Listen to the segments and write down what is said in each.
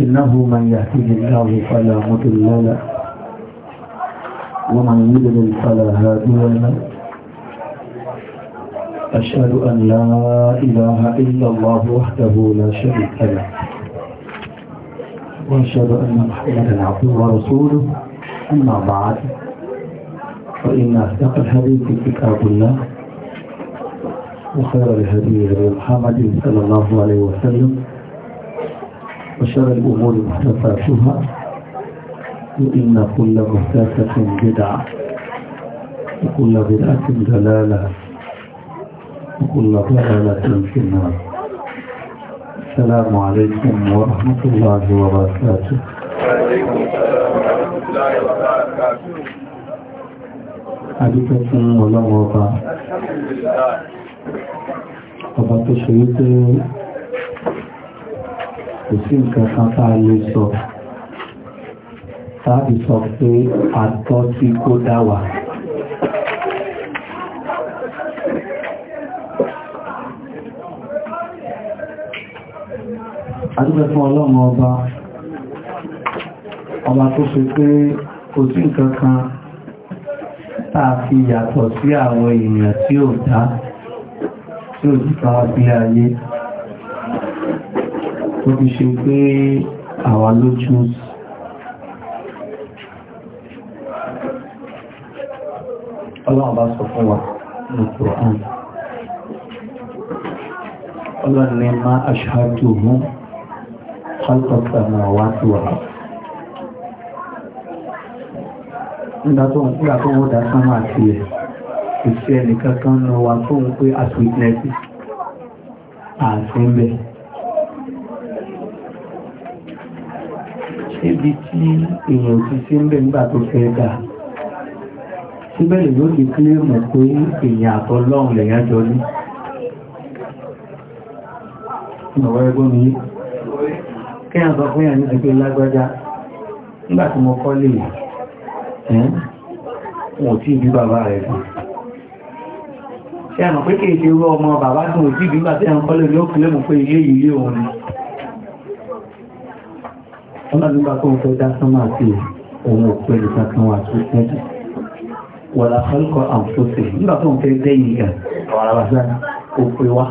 إنه من يهتد الله فلا مضل له ومن يضلل فلا هادي له أشهد أن لا إله إلا الله وحده لا شريك له وأشهد أن محمدا عبده ورسوله أما بعد فإن أصدق الحديث كتاب الله وخير الهدي محمد صلى الله عليه وسلم وشر الأمور محدثاتها وإن كل محدثة بدعة وكل بدعة دلاله وكل ضلالة في النار السلام عليكم ورحمة الله وبركاته وعليكم السلام ورحمة الله وبركاته وبركاته ọba tó ṣe wípé kò sí nǹkan kan tá a lè sọ tàbí sọ pé àtọ́ tí kò dá wà adúgbẹ́ fún ọlọ́run ọba ọba tó ṣe pé kò sí nǹkan kan tá a fi yàtọ̀ sí àwọn èèyàn tí ò dá tí ó ti kan wá sí ayé tó fi ṣe pé àwa ló choose ọlọ́run bá sọ fún wa ní Qur'an ọlọ́run ní má aṣáájú mú kálkọ̀tà máa wá sí wa nígbà tó ń dá sánmà sí ẹ̀ kò sí ẹnìkan kan náà wà tó ń pé as witnesses ààfin bẹ̀. ibi tí èèyàn ti sí ń bẹ̀ nígbà tó fẹ́ dà síbẹ̀ lè yóò di kílèmù pé èèyàn àtọ́lọ́run lèèyàn jọ ní. ìwọ̀ ẹgbọ́n mi kí a sọ fún ìyàní ìgbé lágbájá nígbà tí mo kọ́ lè ẹ́ wọ́n tí ìbí bàbá rẹ̀ fún ẹ̀mọ̀ pé kìí ṣe rú ọmọ bàbá tún òjì ìgbà tí ẹ̀mọ̀ kọ́lẹ̀ yóò kílẹ̀ mọ̀ pé ilé ilé òun ni ọlọ́dúnbà tó ń fẹ́ dá sánmà sí ohun òpin nìkan kan wà tó tẹ́jì wà láfẹ́lùkọ́ àǹfóṣe nígbà tó ń fẹ́ dẹ́yìn ìyà ọ̀rọ̀ àbájá ó pé wá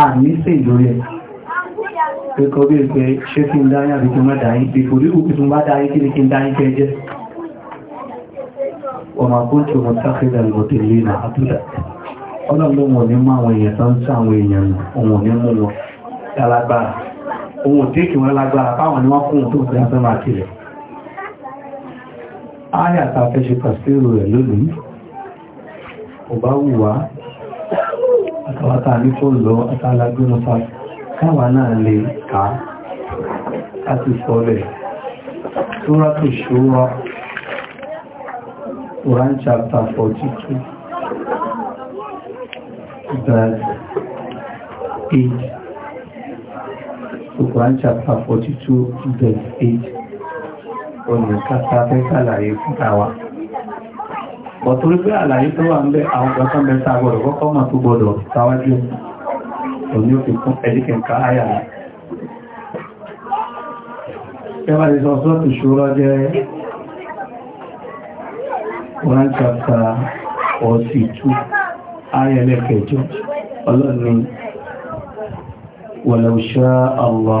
a ní sí ìlórí ẹ̀ pẹ́kọ́ bí ẹgbẹ́ ṣé kí ń dáyìn àbí kí má dáyìn bí òkú tún bá dáyìn kí ni kí ń dáyìn fẹ́ jẹ́ ọmọ akóńtò mọ̀ sáfẹ́ ọlọ́run wọn ní mọ́ àwọn èèyàn tó ń tí àwọn èèyàn òun ní mú wọn lálágbára òun ò tíkì wọn lálágbára fáwọn ni wọ́n kún tó fi afẹ́ máa kìlẹ̀ ayà ta fẹ́ ṣe pàṣírò rẹ̀ lónìí kò bá wù wá àtàwátà ní kó lọ àtàlágbémọ́fà káwà náà lè ká láti sọ 42 verse 8. Quran chapter 42 verse 8. Ọ̀nà kàtà fẹ́ sàlàyé fún àwa. Bọ̀túrí pé àlàyé tó wà ń bẹ àwọn ọ̀pọ̀ mẹ́ta gbọ́dọ̀ kọ́kọ́ mà tó gbọ́dọ̀ sáwájú. Òní ò fi kún ẹ̀díkẹ̀ǹkà áyà rẹ̀. Ẹwà lè sọ sọ́tù ṣúrọ́ jẹ́ Quran chapter 42 ayẹlẹ́ kẹjọ ọlọ́ni wọ̀lọ̀ṣọ́ ọ̀wọ̀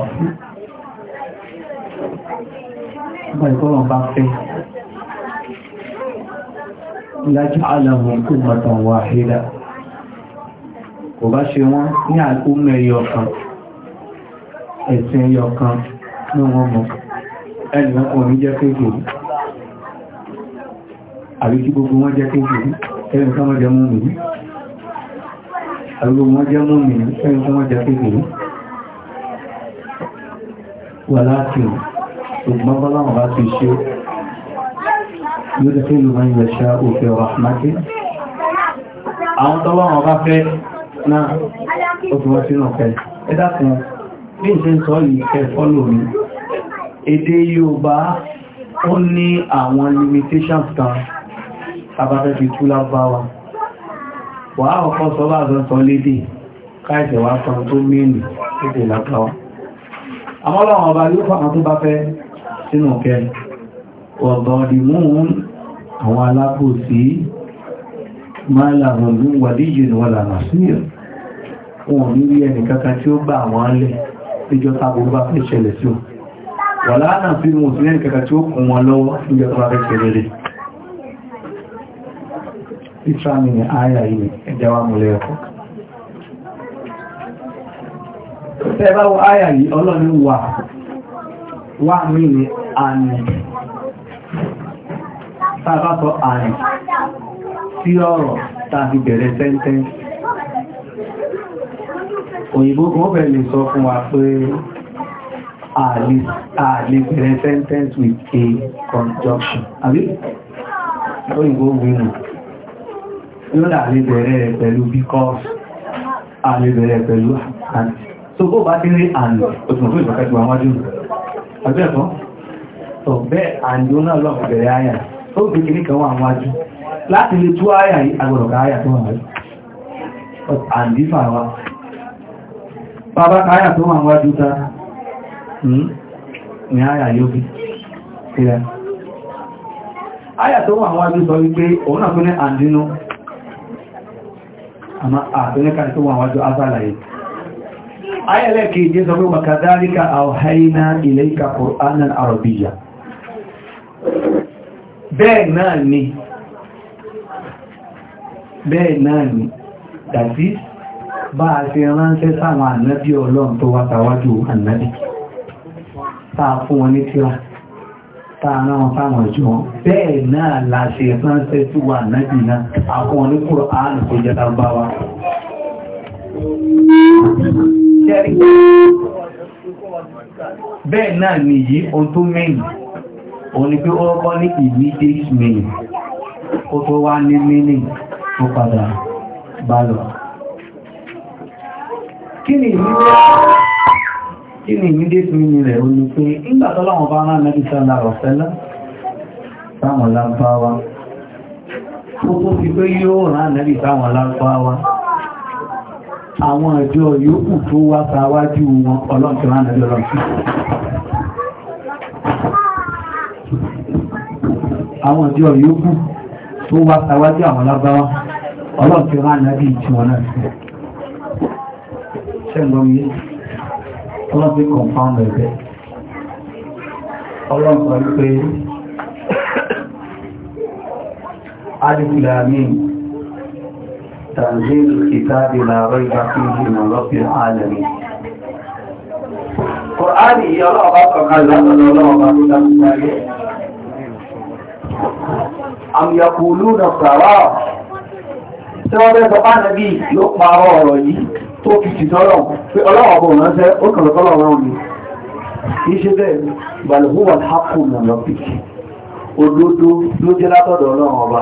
fún ọgbọ̀n bá fẹ́ lájú alàmù kúmọ̀tàn wàhídà kò bá ṣe wọ́n ní àkúmọ̀ ẹyọkan ẹ̀sìn ẹyọkan ní wọ́n mọ̀ ẹnìyàn kò ní jẹ́ kéèkèé àbí gbogbo wọ́n jẹ́ kéèkèé ẹnìyàn kọ́ jẹ́ mú mi àwọn jẹ́ múmi ẹni tó wọ́n jẹ́ kéèkéé wà láti ṣùgbọ́n bọ́láwọ̀ bá ti ṣe yóò tẹ́fẹ́ ìlú máa yẹ̀ ṣá òfẹ́ rahmatí àwọn tọ́wọ́wọ́ bá fẹ́ náà ó fi wọ́n sínú ọ̀fẹ́ ẹ̀dàkùn bí n ṣe ń sọ yìí kẹ́ fọ́lò mi èdè Yorùbá ó ní àwọn limitations kan abáfẹ́ fi tú lábáwá wà á ọ̀kọ́ sọ bá sọ sọ lédè káìsẹ̀ wá sọ tó mẹ́lì lédè lápáwá àwọn ọlọ́run ọba ló fàwọn tó bá fẹ́ sínú kẹ ọ̀gọ́dì múhun àwọn alákòsí máa làwọn ní wàdíjì wà lànà sí wọn ní rí ẹnì kankan tí ó gbà wọn lẹ̀ níjọ́ tábò bá fẹ́ ṣẹlẹ̀ sí wọn wà lánàá sí wọn sí ẹnì kankan tí ó kún wọn lọ́wọ́ níjọ́ tó ìtàmì àyà yìí ẹjẹwà múlẹ̀ ẹ̀kọ́. Tẹ́bá wọ àyà yìí ọlọ́ni wà wà mí ní àní. Tàbá sọ àní sí ọ̀rọ̀ tàbí bẹ̀rẹ̀ sẹ́ntẹ́n. Òyìnbó kan bẹ̀rẹ̀ lè sọ fún wa pé àlè bẹ̀rẹ̀ sentence with a conjunction. Àbí? Òyìnbó wínú. lọ́nà àlebẹ̀rẹ̀ pẹ̀lú because àlebẹ̀rẹ̀ pẹ̀lú and so bó bá ti rí and òtùmọ̀ tó ìfẹ́kẹ́ tó so bẹ́ẹ̀ and ó náà lọ́pọ̀ bẹ̀rẹ̀ àyà ó fi kìí kan wà àwọn ajú láti lè tú àyà agbọ̀rọ̀ká àyà wa bàbá káyà tó wà wájú ta ní hmm, àyà yóò fi àyà tó wà wájú sọ wípé òun náà tó ní àndínú àmá àtúnlẹ́ka tó wọ́n àwájọ́ azálàyé ayẹ́lẹ́ kèje sọ pé makadhalika awhayna ilayka qur'anan arabiyya bẹ́ẹ̀ náà ni bẹ́ẹ̀ náà ni dàbí bá a ti ránṣẹ́ sáwọn ànábí ọlọ́run tó wátawájú ànábí sáà fún wọn ní tíra tààrán wọn fáwọn ìjọ bẹ́ẹ̀ náà láṣẹ ránṣẹ́ tí wà náàbì náà àwọn oníkùrò àánù tó jẹ́ tàbáwá bẹ́ẹ̀ náà ni yìí ohun tó mẹ́yìn òun ni pé ó rọ́kọ́ ní immediate meaning ó tó wá ní meaning tó padà bá lọ kí ni ìlú kí ni immediate meaning rẹ̀ o ní pé nígbà tó láwọn bá rán mẹ́bí sọ́lá ọ̀sẹ́lá sáwọn lápáwá tó tó fi pé yóò rán mẹ́bí sáwọn lápáwá àwọn ìjọ yòókù tó wá sáwájú wọn ọlọ́ntí rán mẹ́bí ọlọ́ntí àwọn ìjọ yòókù tó wá sáwájú àwọn ìtìwọ̀n náà ṣẹ́gbọ́n yìí wọ́n ti kọ̀nfàmù ẹ̀bẹ̀ ọlọ́run sọ wípé alìfìlàmí tanzil kìtàbí làárọ̀ ìgbà tí ó jìnà lọ́pìn alẹ́mì Kùránì yìí ọlọ́ọ̀bá sọ̀kalẹ̀ látọ̀lọ́ ọlọ́ọ̀bá tó dákúgbáyé. Àmì yàkùlú nà sàrá tí wọ́n bẹ́ sọ bá nàbí ló parọ́ ọ̀rọ̀ yìí tó fi ti sọ́rọ̀ pé ọlọ́wọ̀ bọ̀ ránṣẹ́ ó kàn lọ́kọ́ lọ́wọ́ mi kì í ṣe bẹ́ẹ̀ balùwù wà hákù nà lọ pìkì òdodo ló jẹ́ látọ̀dọ̀ ọlọ́run ọba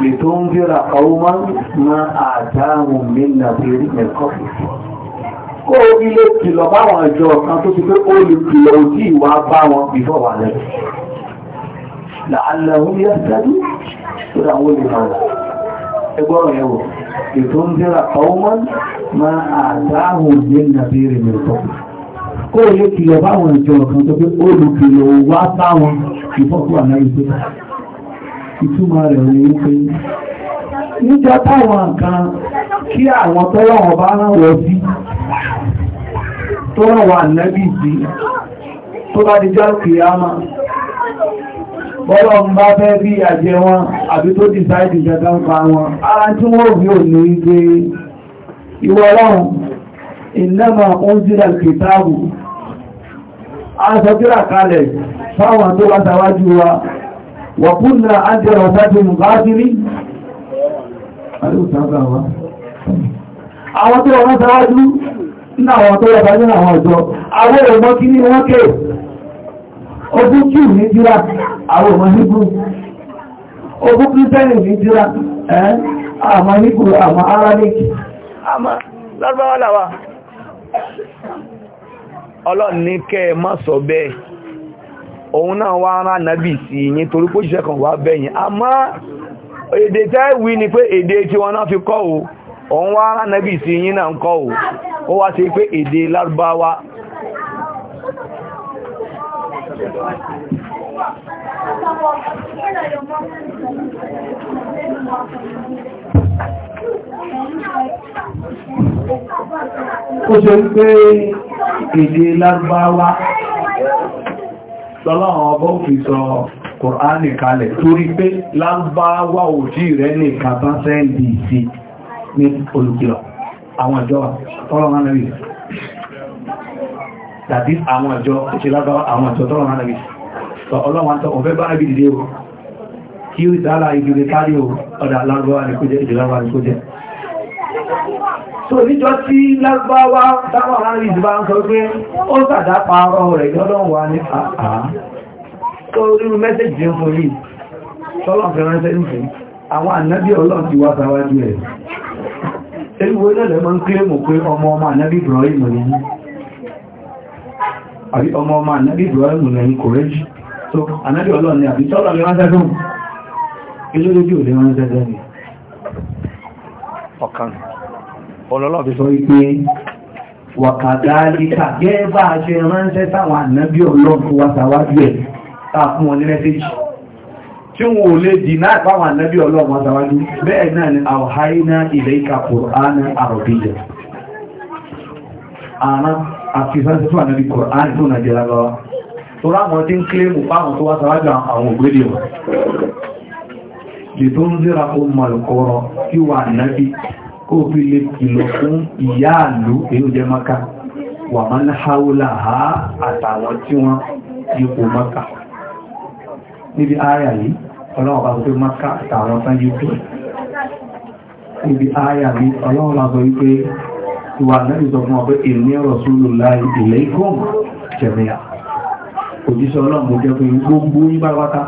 lè tó ń gbéra ọwọ́ máa ń ma àdáhùn mi ẹgbọ́rọ̀ ẹwọ̀ ètò ń jẹ́ra ọwọ́n ma àdáhù ní nàbírí mẹ́tọ́ kó o lè kìlọ̀ báwọn ìjọ kan tó pé olùkìlọ̀ wá báwọn ìfọ́kù ànáyé pé ìtumọ̀ rẹ̀ ní wípé níjọ táwọn nǹkan kí àwọn tọ́lọ́wọ̀n bá rán wọ sí tọ́lọ́wọ̀n ànábì sí tó bá di jẹ́ kìí bọ́lọ̀ ń bá fẹ́ bí àjẹ wọn àbí tó dìsáìdì jẹta ń pa wọn ara tí wọ́n rí ò ní gbé ìwọ ọlọ́run ìnáma oúnjẹ kìtàbù a sọ kíra kalẹ̀ fáwọn tó wá sáwájú wa wọ̀kúnnà ájẹ́rọ̀ sáti mùkáàkiri àwọn tó wọ́n sáwájú ní àwọn tó wọ́n sáwájú àwọn ọ̀dọ́ àwọn òmọ́ ogún jù ní jíra àwọn ọmọ hebrew ogún christian ní jíra ẹ́ àmọ́ hebrew àmọ́ arabic àmọ́ lọ́gbọ́wọ́ làwà ọlọ́run má sọ bẹ́ẹ̀ òun náà wá rán nàbì sí torí pé òṣìṣẹ́ kan wá bẹ́yìn èdè tẹ́ wí ni pé èdè tí wọ́n náà fi kọ́ o òun wá rán nàbì sí yín náà ń kọ́ o ó wá pé èdè lárúbáwá ó ṣe pé èdè lágbàáwá lọ́lọ́wọ́ ọgbọ́ fi sọ kòránì kalẹ̀ torí pé lágbàáwá òjí rẹ̀ ní kàbá sẹ́ndì sí ní olùkìlọ̀ àwọn ìjọba tọ́lọ́wọ́ náà tàbí àwọn àjọ ìṣẹ́lágbà àwọn àjọ tọ́rọ náà nàbí sọ ọlọ́wọ́n tó ọ̀fẹ́ bá dìde o kí ó ìtàlá ìgbìlẹ̀ o ọ̀dà lágbàwà ní kó jẹ́ so níjọ́ tí lágbàwà táwọn aráàlú ìdìbà ń sọ pé ah, ah. ń fún yìí tọ́lọ̀ fẹ́ àwọn ànábì ti wá àbí ọmọ ọmọ ànábì Ibrahim lẹ́yìn kò rẹ́jì tó ànábì ọlọ́run ni àbí tọ́lọ̀ lè ránṣẹ́ fún ilé lójú òde ránṣẹ́ lẹ́yìn ọ̀kan ọlọ́lọ́ fi sọ wípé wàkàdálíkà gẹ́ bá a ṣe ránṣẹ́ táwọn ànábì ọlọ́run wá sáwájú ẹ̀ táàkùn wọn ní mẹ́sẹ́jì tí wọn ò lè dì náà pàwọn ànábì ọlọ́run wá sáwájú bẹ́ẹ̀ náà ni àwọ̀háínà ilẹ̀ ìkàkùrọ̀ ààrùn àrọ̀bíyẹ̀ àfihàn tó ànàbí Kùránì tó nà jẹ́ lágbàwá tó ráwọn tí ń kílèmù fáwọn tó wá sáwájú àwọn ògbédè wọn lè tó ń zíra ó mọ̀ lọ́kọ́rọ̀ kí wà náàbí kó fi lè kìlọ̀ fún ìyá àlú èyí jẹ́ maka wà má ń haúlà ha àtàwọn tí wọ́n yípo maka níbi áyà yìí ọlọ́ọ̀bá pé maka àtàwọn tán yípo níbi áyà yìí ọlọ́ọ̀bá pé ìwà lẹ́yìn sọ fún ọ̀pẹ́ ìní Rasulullahi ilaykum jami'a òjíṣẹ́ ọlọ́run mo jẹ́ pé gbogbo yín bá wáta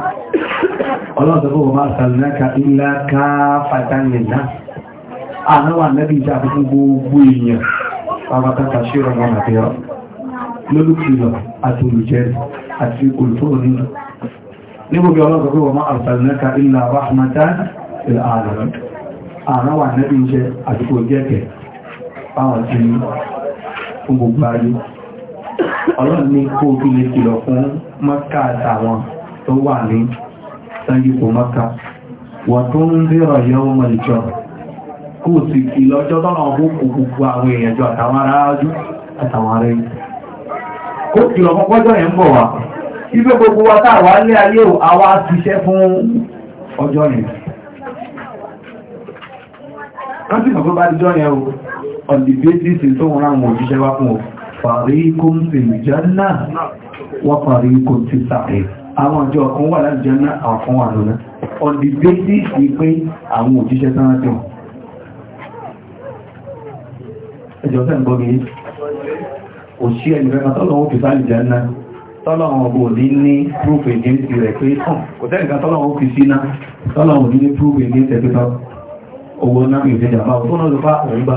ọlọ́run sọ fún ọmọ àṣàlùnáka illa kaffatan lin-nas ànáwà nẹ́bí ìjà fún gbogbo èèyàn pàpàtà kàṣírọ̀ wọn àtẹ́rọ lólùkìlọ̀ àti olùjẹ́rì àti olùtọ́rọ̀ nínú nígbòbí ọlọ́sọ̀ pé wọ́n àṣàlùnáka illa rahmatan lil alamin ànáwà nẹ́bí ìjẹ́ àti olùjẹ́kẹ̀ẹ́ fáwọn tí fún gbogbo ayé ọlọ́run kó kí lè kìlọ̀ fún mọ́ká àtàwọn tó wà ní sanyipo mọ́ká wọ́n tó ń rírọ̀ yẹ́wọ́ mọ́lìjọ́ kó sì kí lọ́jọ́ tọ́nà kò gbogbo àwọn èèyàn àtàwọn aráájú àtàwọn gbogbo wa lé ayé fún ọjọ́ yẹn. on the basis in tó wọ́n ráwọn òjíṣẹ́ wá fún fàríkún fi jẹ́nà wọ́n fàríkún ti sàrẹ̀ àwọn ọjọ́ ọkùn wà láti jẹ́nà àwọn fún wà lọ́nà on the basis ni pé àwọn òjíṣẹ́ tán rájọ ẹjọ́ tẹ́ ń gbọ́ mi òṣì ẹni fẹ́ tọ́lọ́wọ́ fi sáàlì jẹ́nà tọ́lọ́wọ́ bò ní ní proof against rẹ̀ pé kò tẹ́ nǹkan tọ́lọ́wọ́ fi síná tọ́lọ́wọ́ ní ní proof against ẹ̀ pé tọ́ owó náà ìfẹ́jàmbá òtún náà lọ bá òun bá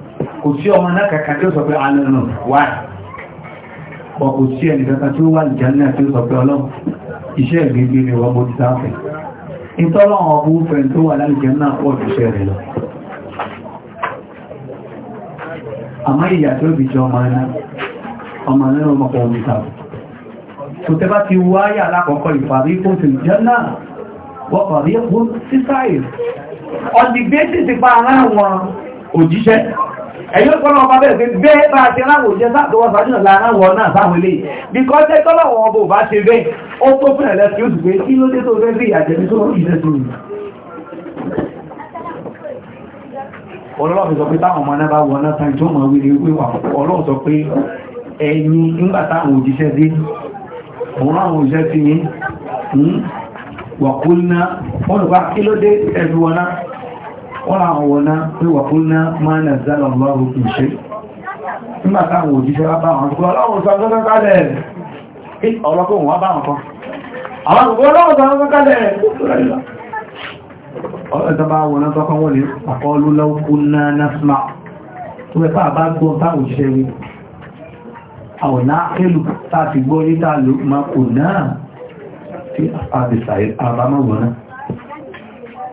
kò sí ọmọ náà kankan tí ó sọ pé àánú wà ọ kò sí ẹni kankan tí ó wà ìjánà tí ó sọ pé ọlọ́run iṣẹ́ ìgbégbé ni wọ́n mo ti sáfẹ́ ìtọ́lọ́run ọgbọ́n fẹ́ tó wà lálùjẹ́ náà pọ̀ jù iṣẹ́ rẹ̀ lọ àmọ́ ìyà tí ó bìí jọ ọmọ ẹ̀nà ọmọ ẹ̀nà ọmọ ọmọ omi tàbí tó ti wáyà alákọ̀ọ́kọ́ ìfàrí kó ẹ̀yọ́ kọ́nà ọba bẹ̀rẹ̀ pé bẹ́ẹ̀ bá ṣe láwọn òṣẹ́ sáàtọwọ́ sàájúnà láàáwọ̀ náà sáwọn ilé bíkọ́ jẹ́ tọ́lọ̀wọ̀ ọba ò bá ṣe bẹ́ẹ̀ ó tó fún ẹ̀lẹ́ tí ó dùn pé kí ló dé tó fẹ́ sí àjẹ́bí tó rọ́rùn ìṣẹ́ tó rùn ọlọ́run sọ pé táwọn ọmọ náà bá wọ náà tán tó mọ̀ wí ní wíwà hmm, ọlọ́run wọ́n àwọn wọná pé wà fún ná máa nà zálà lọ́rùn kìí ṣe nígbà táwọn òjíṣẹ́ wá bá wọn tó ọlọ́run sọ lọ́rùn kálẹ̀ ọlọ́kùnrin wá bá wọn kan àwọn ògbó ọlọ́run sọ lọ́rùn kálẹ̀ ọlọ́ta bá wọn náà tọ́kọ́ wọ́n lè àkọlù lọ́kùn náà násmà tó rẹ̀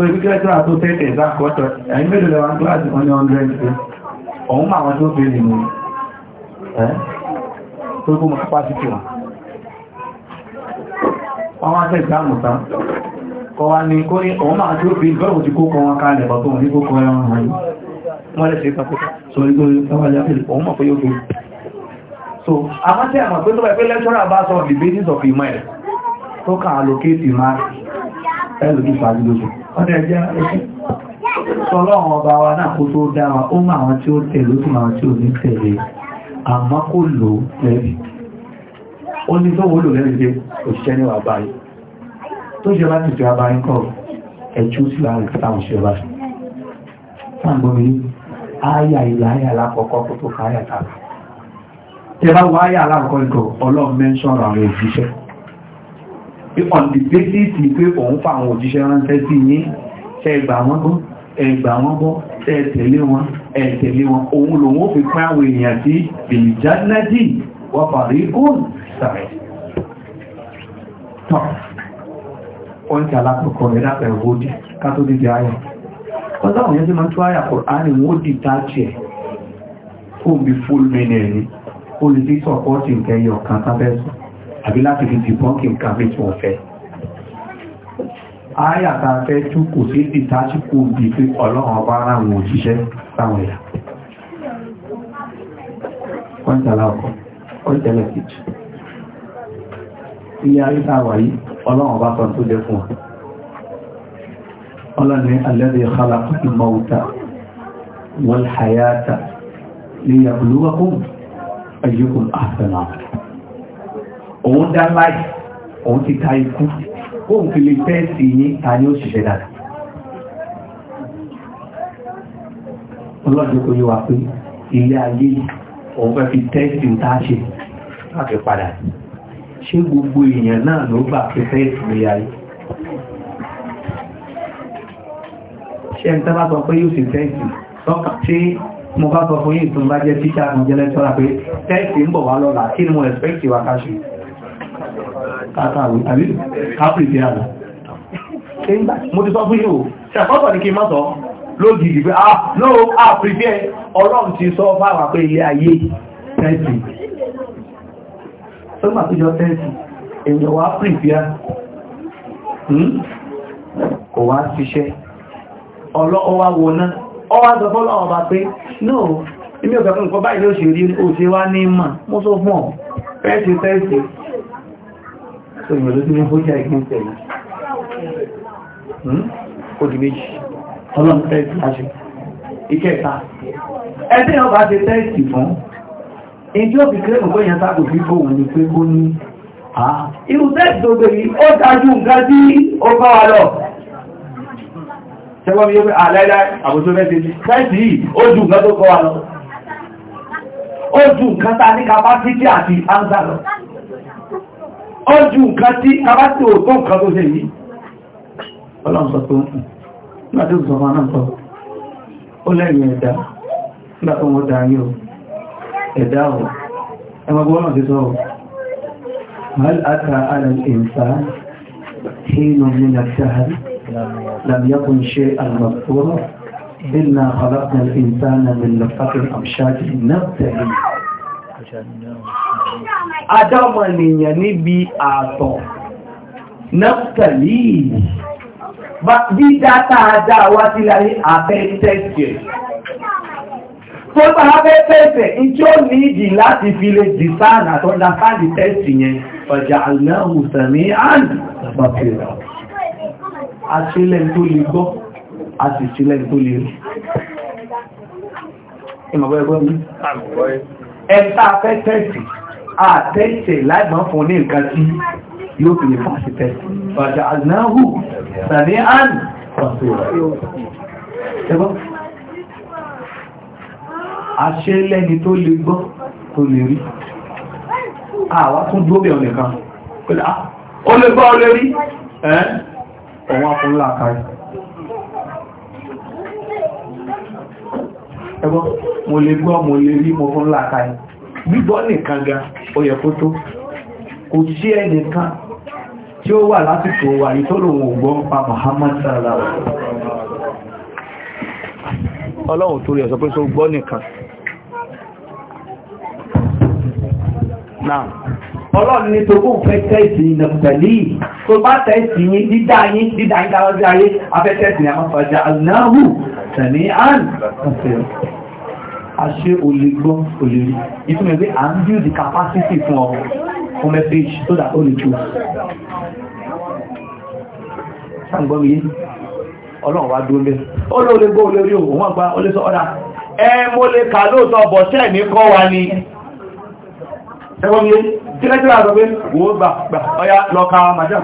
tó ibi kẹ́ẹ̀tọ́ àtó tẹ́ẹ̀tẹ̀ ìzákọ́tọ̀ ẹ̀yìn mélòó lẹ́wà gíláàsì wọn ní 100 ọ̀hún máa wọn tó bèèrè mú ẹ́ tó gbọ́mọ̀ capacity wọn wọ́n wá tẹ́ ìdáàmù tán kọ wá ní kó ní ọ̀hún máa tó bèèrè bọ́ọ̀bù ti kó kọ wọn kalẹ̀ bọ́ tó wọn ní kó kọ ẹran hàn wọ́n lè ṣe ìtàkùtà so ní gbóyè tọ́wà jáfẹ́lì ọ̀hún mọ̀ pé yóò bèèrè so àwọn tẹ́ àmọ̀ pé tó bá ẹgbẹ́ lẹ́ṣọ́rà bá sọ the basis of ìmọ̀ ẹ̀ tó kà allocate mark ọ̀nà ẹ̀jẹ́ ọlọ́run ọba wa náà kó tó dá wa ó mọ àwọn tí ó tẹ̀lé ó sì mọ àwọn tí ò ní tẹ̀lé àmọ́ kò lò lẹ́bi ó ní tó wúlò lẹ́bi pé òṣìṣẹ́ ní wà báyìí tó ṣe bá ti jọ abáyé kọ́ ẹ̀jú sí láàrín táwọn ṣe bá sáàgbọ́mí pé on the basis pé òun fa àwọn òjíṣẹ́ ránṣẹ́ sí yín ẹgbà wọn gbọ́ ẹgbà wọn gbọ́ ẹ̀tẹ̀lé wọn ẹ̀tẹ̀lé wọn òun lòun ó fi pín àwọn èèyàn sí bìlìjánẹ́dì wọ́n fàrí òun sàrẹ̀ tọ́ wọ́n ti alákọ̀ọ́kọ́ rẹ̀ dápẹ̀ ìwòdì ká tó dìde ayọ̀ ọlọ́run yẹn tí ma ń tó àyà kòránì wọ́n dì táàkì ẹ̀ fún bí fúlmínì ẹ̀ ní olùdí sọ̀pọ̀ sí nkẹyọ̀ kan tábẹ́sùn àbí láti fi ti pọ́ǹkì nǹkan bí tí wọ́n fẹ́ àyà ta fẹ́ tún kò sí ìtàṣí kò bí pé ọlọ́run ọba ara wọn òṣìṣẹ́ sáwọn ẹ̀yà pọ́ǹtàlá ọkọ̀ pọ́ǹtàlá kejì ilé ayé tá a wà yìí ọlọ́run ọba sọ tó lẹ́ fún wa ọlọ́run ní alladhi khalaqa al-mawta wal hayata liyabluwakum ayyukum ahsanu amala òun dá láì òun ti ta ikú òun fi lè fẹ́ sí ní ta ni ó ṣiṣẹ́ dáadáa ọlọ́dún kò yí wa pé ilé ayé òun fẹ́ fi tẹ́sì ń tá ṣe láti padà ṣé gbogbo èèyàn náà ló gbà pé fẹ́ẹ̀sì ilé ayé ṣé ẹni tẹ́ bá sọ pé yóò sì fẹ́ẹ̀sì lọ́kàn ṣé mo bá sọ fún yìí tó ń bá jẹ́ tíṣà kan jẹ́ pé fẹ́ẹ̀sì ń bọ̀ wá lọ́la kí ni mo ẹ̀sìpẹ́ẹ̀sì wa ká ṣe kàkàwé àbí kápìtì àná mo ti sọ fún yíò ṣàkọ́kọ̀ ní kí n má sọ lójìdì pé ah no ah prepare ọlọ́run ti sọ fáwà pé ilé ayé tẹ́sì sọ́gbà tó jọ tẹ́sì èèyàn wá prepare hmm? kò wá ṣiṣẹ́ ọlọ́ọwá wọná ọwá sọ fọ́lọ́ ọba pé no ilé ọ̀gbẹ̀kùn nǹkan báyìí ló ṣe rí òṣèwá ní mà mo sọ fún ọ fẹ́ẹ̀sì tẹ́sì tó ìmọ̀ ló tí ní fún ìṣẹ́ ìpín tẹ̀lé hmm? ó di méjì ọlọ́run tẹ́ẹ̀tì láṣẹ ìkẹta ẹgbẹ́ yẹn bá ṣe tẹ́ẹ̀tì fún ìjọ òbí kéré mọ̀ yẹn sáàbò fi fóun ni pé ó ní irú tẹ́ẹ̀tì tó gbèrè ó dájú nǹkan tí ó bá wa lọ tẹ́gbọ́n mi yóò pé àláìláì àbòsó fẹ́ tẹ́ẹ̀tì yìí ó ju nǹkan tó kọ́ wa lọ ó ju nǹkan tá ní kapásítì lọ ọjù nǹkan tí abáti òótọ́ nǹkan tó ṣe yìí ọlọ́run sọ tó ń láti sọ wọn náà sọ ó lẹ́yìn ẹ̀dá nígbà tó wọ́n dáa yóò ẹ̀dá ọ̀ ẹmọgbọ́n náà ti sọ ọ̀ hal ata ala al-insan hinu min ad-dahr lam yakun shay'an mafkura inna khalaqna al-insana min nutfatin amshajin nabtali adámọ̀ nìyàn níbi àtọ̀ nẹ́pẹ̀lì bí dáta adá wá sí láyé àfẹ́tẹ́sẹ̀ tó bá afẹ́tẹ́sẹ̀ tí ó ní ìdí láti fi lè dìsáàn àtọ́dá fáàdì tẹ́sì yẹn ọjà aláhùn sàmí ààrùn àbáfẹ́ra àṣílẹ̀ tó lè gbọ́ àṣìṣílẹ̀ tó lè rí ìmọ̀gbẹ́gbẹ́ mi ẹ̀ta fẹ́ tẹ́sì àtẹ́sì láìmọ́ fún ní nǹkan tí yóò fi lè fásitì tẹ́sì ọjà àdínáhù sàní àn pàṣẹwà àṣẹ lẹ́ni tó lè gbọ́ tó lè rí àwa tún dúró bẹ̀rẹ̀ nìkan ó lè gbọ́ ó lè rí ẹ̀ ọ̀wọ́n afúnlá àkárí ẹgbọ́n mo lè gbọ́ mo lè rí mo fún látàí gbígbọ́ nìkan ga oyẹ̀ kó tó kò sí ẹnìkan tí ó wà lásìkò wà ìtọ́lòun ògbọ́n pa Muhammad sallallahu ọlọ́run tó rí ọ̀sọ̀ pé só gbọ́ nìkan náà ọlọ́run ní tókùn fẹ́ tẹ́ẹ̀sì ìnà pẹ̀lú tó bá tẹ́ẹ̀sì yín dídá yín dídá yín dáwọ́ sí ayé afẹ́tẹ́ẹ̀sì àmọ́fàájá aláhù sẹ̀ní àn ọ̀fẹ́ àṣẹ olùgbọ́ olùrí ìtumẹ̀ pé à ń build the capacity fún ọ fún message so that ó lè tó ṣàǹgbọ́n yìí ọlọ́run wá dúró lé ó ló lè gbọ́ olórí òun àgbà olóṣọ́ ọ́dá ẹ mo lè kà lóòtọ́ bọ̀ṣẹ́ ní kọ́ wa ni ẹgbọ́n yìí tí lẹ́jọ́ àgbẹ̀gbẹ̀ wò gbà ọya lọ ka màjá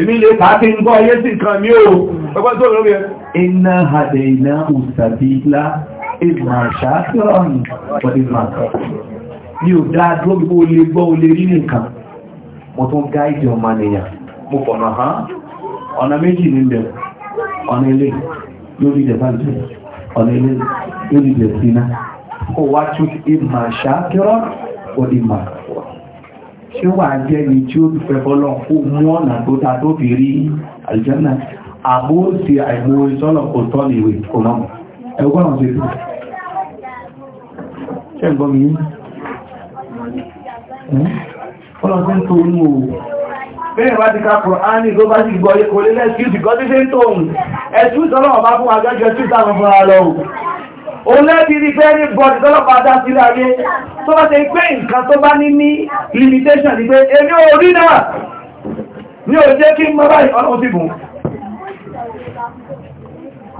èmi lè pàápí ń gbọ́ ayé sí nǹkan mi ó ọgbọ́n tó lórí ẹ iná àdẹ̀ iná òsàbílá ìmọ̀ àṣàkọ́rọ̀nì pọ̀dìmọ̀kọ́ ní ò dáa dúró gbogbo olè gbọ́ olè rí nìkan mo tún gáìdì ọmọ nìyàn mo fọ̀nà hàn ọ̀nà méjì nílẹ̀ ọ̀nà ilé lórí ìdẹ̀bájú ọ̀nà ilé lórí ìdẹ̀síná kó wá tún ìmọ̀ àṣàkọ́rọ̀ pọ̀dìmọ̀kọ́ ṣé wà jẹ́ ni tí ó fẹ́ fọ́lọ́n kó mú ọ̀nà tó ta tó fi rí àlùjànnà àbó sí àìmúwé sọ́lọ̀ kò tọ́ ní ìwé kò náà ẹgbọ́n ọ̀sẹ̀ tó ṣe ń gọmi ọlọ́sẹ̀ tó ń mú bẹ́ẹ̀ bá ti ká Kùránì tó bá ti gbọ́ ikò lélẹ́sì ìdíkọ́ tí ń tóun ẹ̀tú òun lẹ́bí rí fẹ́ ní bọ́ọ̀dì tọ́lọ́pàá dá sí láyé tó bá ṣe pé nǹkan tó bá ní ní limitation ní pé èmi ò rí náà ní ò jẹ́ kí mọ́rá ọlọ́run ti bùn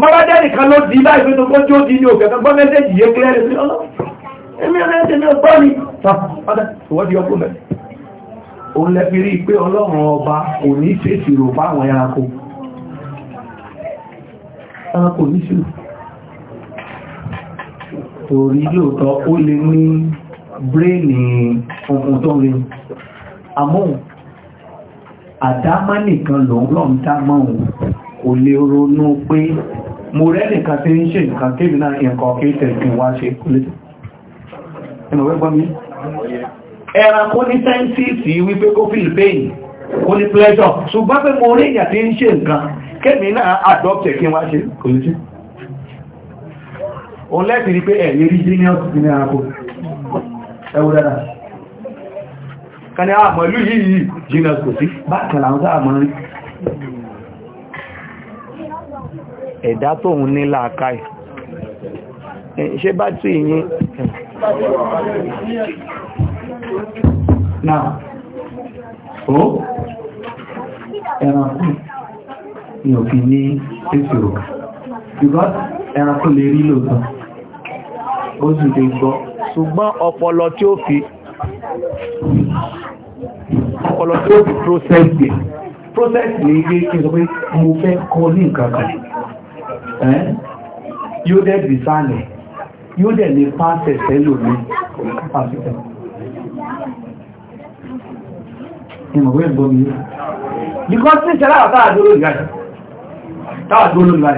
mọ́rá jẹ́ nìkan ló di láì pé tó kó jó di ní òkè tó gbọ́ mẹ́sẹ̀jì yé kílẹ̀ sí ọlọ́run èmi ò lẹ́sẹ̀ ní ọgbọ́n ni ìwọ́dí ọkùn mẹ́ òun lẹ́bí rí pé torí lóòtọ́ ó lè ní bréèni funfun tó rí àmọ́ àdámá nìkan lòun lọ́n dámọ́ òun kò lè ronú pé mo rẹ́ nìkan tí ń ṣe nǹkan kébì náà nǹkan kéèkèé tí wá ṣe kúlé ẹranko ní sẹ́ńsìsì wípé kó kó ní pleasure ṣùgbọ́n pé mo rí èyàn tí ń ṣe adopt kí wá ṣe òun lẹ́sì rí pé ẹ̀yẹ rí genius ní àkó ẹwù dára kàní àmọ̀ ìlú yìí yìí genius kò sí bákàlà ń sáà mọ́rin ẹ̀dá tóun ní làákàí ṣe bá tí ìyìn náà ó ẹranko ni òfin ní èsì òkà because ẹranko lè rí lóòtọ́ ó sì lè gbọ́ ṣùgbọ́n ọpọlọ tí ó fi ọpọlọ tí ó fi process yẹ process lè yé kí n sọ pé mo fẹ́ kọ́ ní nǹkan kan yóò dẹ̀ bí sáàlẹ̀ yóò dẹ̀ lè pàṣẹ sẹ́lò ní pàṣẹ ìmọ̀wé ìgbọ́mí because ní ṣẹlá àtàdó lórí rẹ̀ tààdó lórí rẹ̀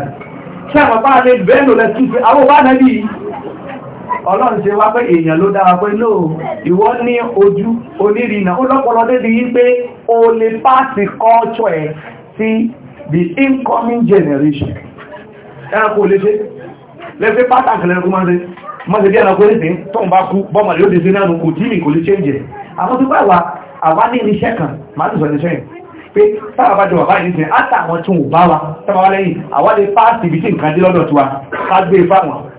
ṣẹ́ àpapá lè bẹ́ẹ̀ lọ lẹ́sí pé àwọn bá náà bí ọlọ́run ṣe wá pé èèyàn ló dára pé lóò ìwọ ní ojú onírìnà ó lọ́pọlọ débi wípé o lè pàṣì kọ́ọ̀tọ̀ ẹ̀ sí the incoming generation ẹranko lè ṣe lẹ́fẹ́ pàtàkì lẹ́nu máa ṣe máa ṣe bí ẹranko lè ṣe tó ń bá kú bọ́mọ̀ ló lè ṣe náà kò tí mi kò lè ṣe ń jẹ àwọn tó bá wà àwa ní iṣẹ́ kan máa ti sọ iṣẹ́ yẹn pé sára bá jọ bàbá yìí sìn átàwọn tún ò bá wa sábà wá lẹ́yìn àwa lè pàṣì ibi tí nǹkan dé lọ́dọ̀ tiwa ká gbé e fáwọn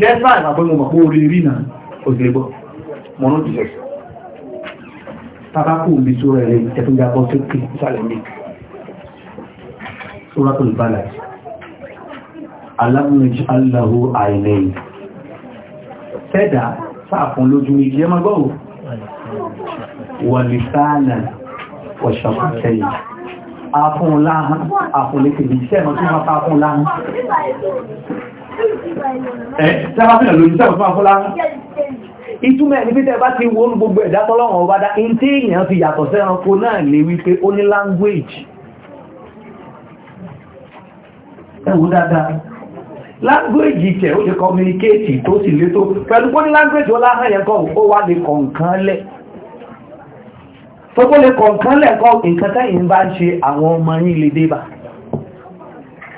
dẹ́sà ìgbàgbọ́n mọ̀ pé orí rí náà òṣèlébọ̀ mọ̀nà jùlọ tàbákù bí tó rẹ̀ ẹ̀tún jábọ́ tó kì sálẹ̀ mí sóràtò ìbálà alámùnjẹ́ aláhù àìlẹ́yìn tẹ́dà sáàfún lójú ní jẹ́ magbọ́wò wàlìsáànà wàṣàkùtẹ́yìn afún láhán afún lékèdè iṣẹ́ ẹ̀mọ́ tó fún láhán sábàbìnà lójú sábà fún afọ́lá ìtumẹ̀ ní pítẹ̀ bá ti wọ́n gbogbo ẹ̀dá tọ́lọ́wọ̀n ọba dá in tí èèyàn fi yàtọ̀ sẹ́ranko náà lè wípé ó ní language ẹ̀wù dáadáa language ìkẹ̀ ó ṣe communicate tó sì lé tó pẹ̀lú pọ́ ní language ọlá hàn yẹn kọ́ ó wá lè kọ̀ǹkan lẹ̀ tó kó lè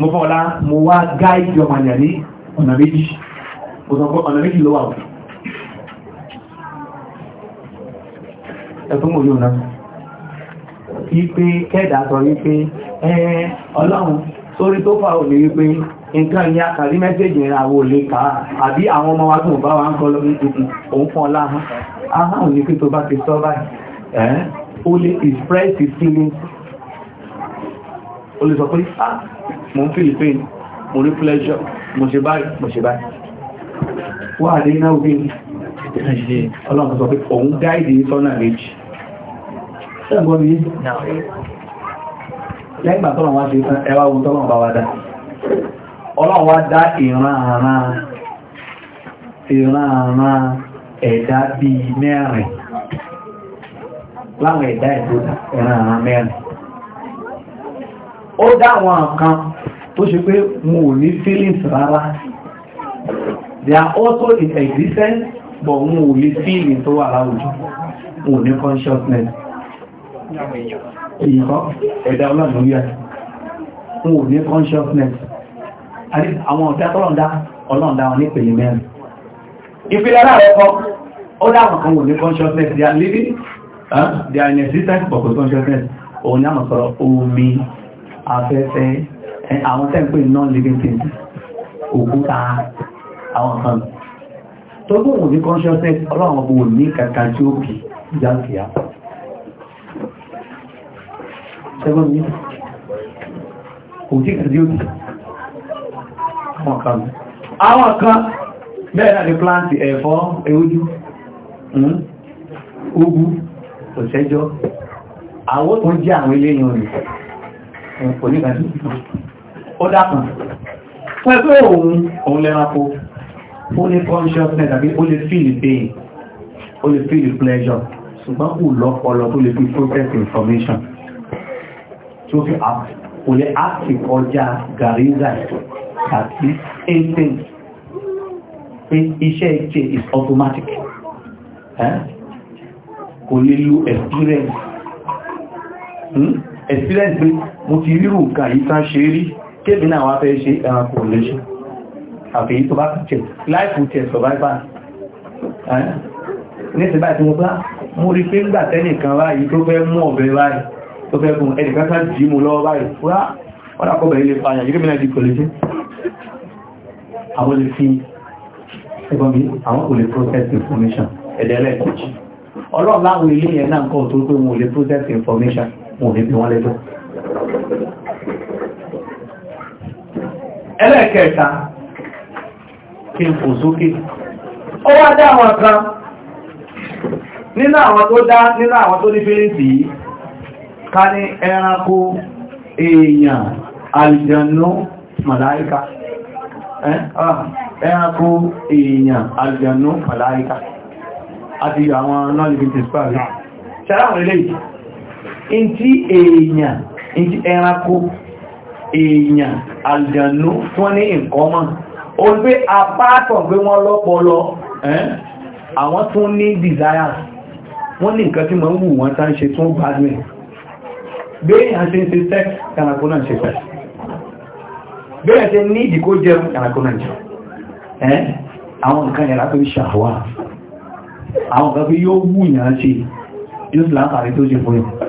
mo fọ́lá mo wá gáìdì ọmọ àyà ní ọ̀nà méjì ọ̀nà méjì ló wà wọ́n ẹ̀fún òyìn ọ̀nà wípé kẹ́ẹ̀dà sọ wípé ẹ̀ẹ́ ọlọ́run sórí tó fà òní wípé nǹkan ní àkàrí mẹ́sẹ̀jì ìrìn àwọn olè ká àbí àwọn ọmọ wa tó wa ń kọ́ lọ́wọ́ títí òun fún ọlá ahán òní pé tó bá ti sọ báyìí ẹ́ ó lè express his feelings o lè sọ pé ah mo ń fìlì pain mo rí pleasure mo ṣe báyìí mo ṣe báyìí wà á dé iná òbí ìrìnṣẹ́ ọlọ́run sọ pé òun gáìdì ní sọ́nà méjì ṣẹ́gbọ́n ní lẹ́gbà tọ́lọ̀ wá ṣe tán ẹwà ohun tọ́lọ̀ bá wá dá ọlọ́run wá dá ìran ẹ̀dá bíi mẹ́rin láwọn ẹ̀dá ẹ̀dá ìran mẹ́rin ó dá àwọn kan tó ṣe pé wọn ò ní feelings rárá they are also in existence but wọn ò lè feelings tó wà láwùjọ wọn ò ní consciousness èyí kọ́ ẹ̀dá ọlọ́run yẹ wọn ò ní consciousness àwọn ọ̀dá tọ́lọ̀dá ọlọ́run dá wọn ní pèlè mẹ́rin ìpìlẹ̀ aláàrẹ́kọ́ ó dáwọn kan wò ní consciousness they are living they are in existence but consciousness òun ní àmọ̀sọ̀rọ̀ omi afẹ́fẹ́ àwọn tẹ́ǹpé non-living things òkúta àwọn kan tó gbóhùn ní consciousness ọlọ́run ọgbò ní kàkà tí ó bì jákìá ṣẹ́gbọ́n mi kò tí kàdí òkú àwọn kan àwọn kan bẹ́ẹ̀ náà ni plant ẹ̀fọ́ ewújú ogun hmm, òṣẹ́jọ́ àwọn tó jẹ́ àwọn eléyìn òní kò ní ìgbàjú ó dákùn fún ẹgbẹ́ òun òun lẹ́ranko ó ní consciousness àbí ó lè feel pain ó lè feel pleasure ṣùgbọ́n kù lọ́pọlọ tó lè fi process information tí ó fi kò lè áàkì kọjá gàríza àti instinct pé iṣẹ́ ìṣe is automatic kò lè lo experience experience pé mo ti ríru nǹkan yìí tán ṣe rí kébì náà wá fẹ́ ṣe ẹranko lẹ́ṣù àfihì tó bá kàtẹ̀ láìpù tẹ̀ survivor ní ṣe báyìí tí mo bá mo rí pé ńgbà tẹ́nìkan báyìí tó fẹ́ mú ọ̀bẹ báyìí tó fẹ́ fún ẹnìkan kan jí mo lọ́wọ́ báyìí fúrá wọ́n àkọ́bẹ̀ ilé fàyà yìí mìíràn di kòlẹ́jẹ́ àwọn lè fi ẹgbọ́n mi àwọn kò lè process information ẹ̀dẹ̀ẹ́lẹ́kùnjì ọlọ́run láwọn ilé yẹn náà kọ́ tó pé wọn lè process information wọn ní bí wọ́n lẹ́jọ́ ẹlẹ́ẹ̀kẹta kí n fò sókè ó wá dá àwọn kan nínú àwọn tó dá nínú àwọn tó ní fèrèsì yìí ká ní ẹranko èèyàn àlìjànú màláíkà ah, ẹranko èèyàn àlìjànú màláíkà àti àwọn non-living disparity ṣe àwọn eléyìí in ti èèyàn in ti ẹranko èèyàn àlùjànnú tí wọ́n ní nǹkan mọ́ o ń pé apátọ̀ pé wọ́n lọ́pọlọ àwọn tún ní desires wọ́n ní nǹkan tí mọ̀ ń wù wọ́n tán ṣe tún gbádùn béèyàn ṣe ń ṣe sex ẹranko náà ṣe sex béèyàn ṣe ní ìdíkó jẹun ẹranko náà jẹun àwọn nǹkan yàrá tó ń ṣàwà àwọn nǹkan fi yóò wù yàn ṣe yóò sì tó ṣe fún yàn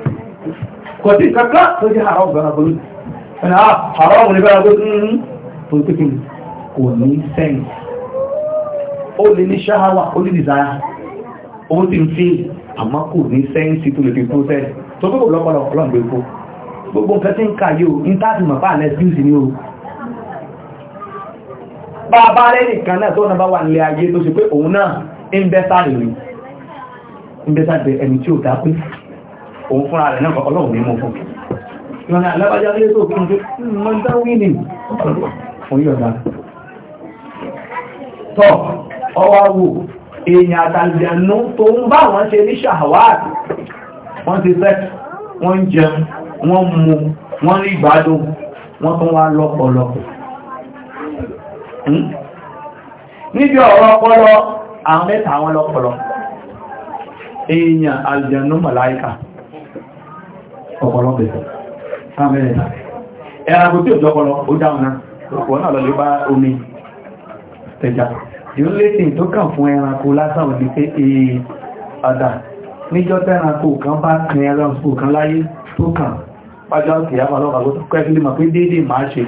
kò sí kankan tó jẹ́ haram gbọ́nà gbọ́nà ẹ̀nà ah, haram ní bẹ́ẹ̀ gbọ́nà tó ń pèkìlì kò ní sẹ́yìn ó lè ní ṣáháwà ó lè nìzára ó ti ń fi àmọ́ kò ní sẹ́yìn gbogbo nǹkan tí ń ka yóò ń táàbì mọ̀ fáà lẹ́sìkúsì ní o bàbá rẹ̀ nìkan náà tó náà bá wà nílé ayé tó ṣe pé òun náà ń bẹ́ sáré ẹni tí òun fúnra rẹ̀ náà ọlọ́run ní mú fún ìrọ̀nà alábájá lé tó fún jẹ́ mọ́ dáwí ní fún yọ̀dá tọ́ ọwá wò èèyàn àtàlẹ̀nú tó ń bá wọ́n ṣe ní ṣàwáàtì wọ́n ti fẹ́ wọ́n jẹun wọ́n mu wọ́n rí ìgbádùn wọ́n tún wá lọ́pọ̀lọpọ̀ hmm? níbi ọ̀rọ̀ ọpọlọ àwọn mẹ́ta àwọn lọ́pọ̀lọ èèyàn màláíkà ọ̀pọ̀lọ́ bẹ̀rẹ̀ àmẹ́rẹ̀ ẹranko tí ò jọpọlọ ó dáhùn náà ọ̀pọ̀ náà lọ́lẹ́ bá omi tẹja yóò lẹ́sìn tó kàn fún ẹranko lásán òdí pé ee ọ̀dà níjọ́ tẹ́ranko kan bá kan ẹranko kan láyé tó kàn pàjọ́ kìyàmọ́ lọ́pàá tó kẹ́kìlì mọ̀ pé déédéé máa ṣe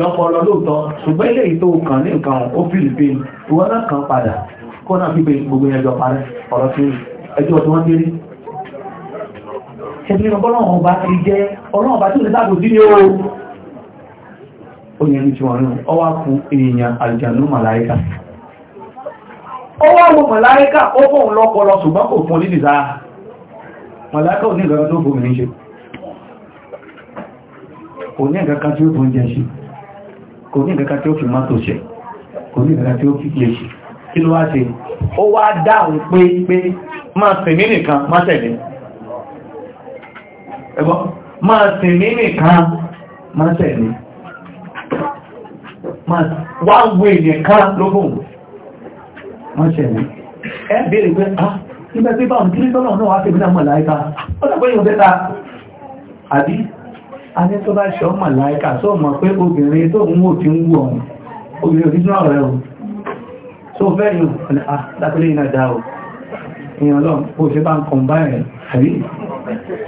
lọ́pọ̀lọ́ lóòtọ́ ṣùgbọ́n ilé ìtò kan ní nǹkan ó fìlìpín ìwọ́n náà kan padà kó náà fi gbogbo ẹjọ́ tí wọ́n dé ṣẹ̀bí ọgbọ́nàwọ̀n bá ti jẹ́ ọlọ́wọ̀n bá tí ó lè sáàbò sí ní o ó yẹn tí wọ́n rìn ọwá kú èèyàn àjànú màláíkà ọwá wo màláíkà ó fóun lọ́pọ̀lọ ṣùgbọ́n kò fún lílì sáà màláíkà ò ní ìgbàkan tó fòmìnì ṣe kò ní ìgbàkan tí ṣe kò ní ìgbàkan tí ó fi mọ́tò ṣe kò ní ìgbàkan tí fi ẹgbọ́n máa sì mí nìkan máa tẹ̀lé wá wo nìkan lógún máa tẹ̀lé ẹ bèèrè pé ah nígbà tí báwọn kí lọ́nà náà wá tẹ̀lé náà mọ̀láíkà ó dàgbé yóò bẹ́ta àbí a ní tó bá ṣọ́ mọ̀láíkà só mọ̀ pé obìnrin tó ń wò tí ń wù ọ̀hún obìnrin òdíjúmọ̀ rẹ̀ o tó fẹ́ ah, yìí ọ̀nà àdápẹ́lẹ́ ìnàdá o èèyàn lọ́n bó ṣe bá ń kọmbáyẹ̀ àbí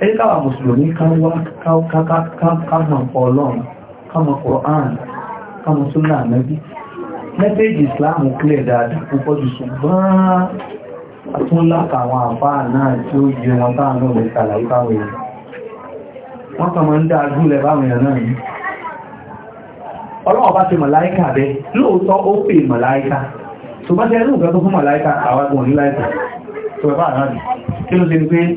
ẹ̀ríkàwà mùsùlùmí káwà káàmà ọlọ́run káàmà Qur'an káàmà súnà ànábí mẹ́tẹ́jì islam clear dáadáa púpọ̀ a ṣùgbọ́n àtúnláka àwọn àfáà náà tí ó jẹ wọn bá náà lè sàlàyé báwọn èèyàn wọ́n kàn ń dá agúnlẹ̀ báwọn èèyàn náà ní ọlọ́wọ́ bá ti màláíkà bẹ́ lóòótọ́ ó pè màláíkà tó bá jẹ́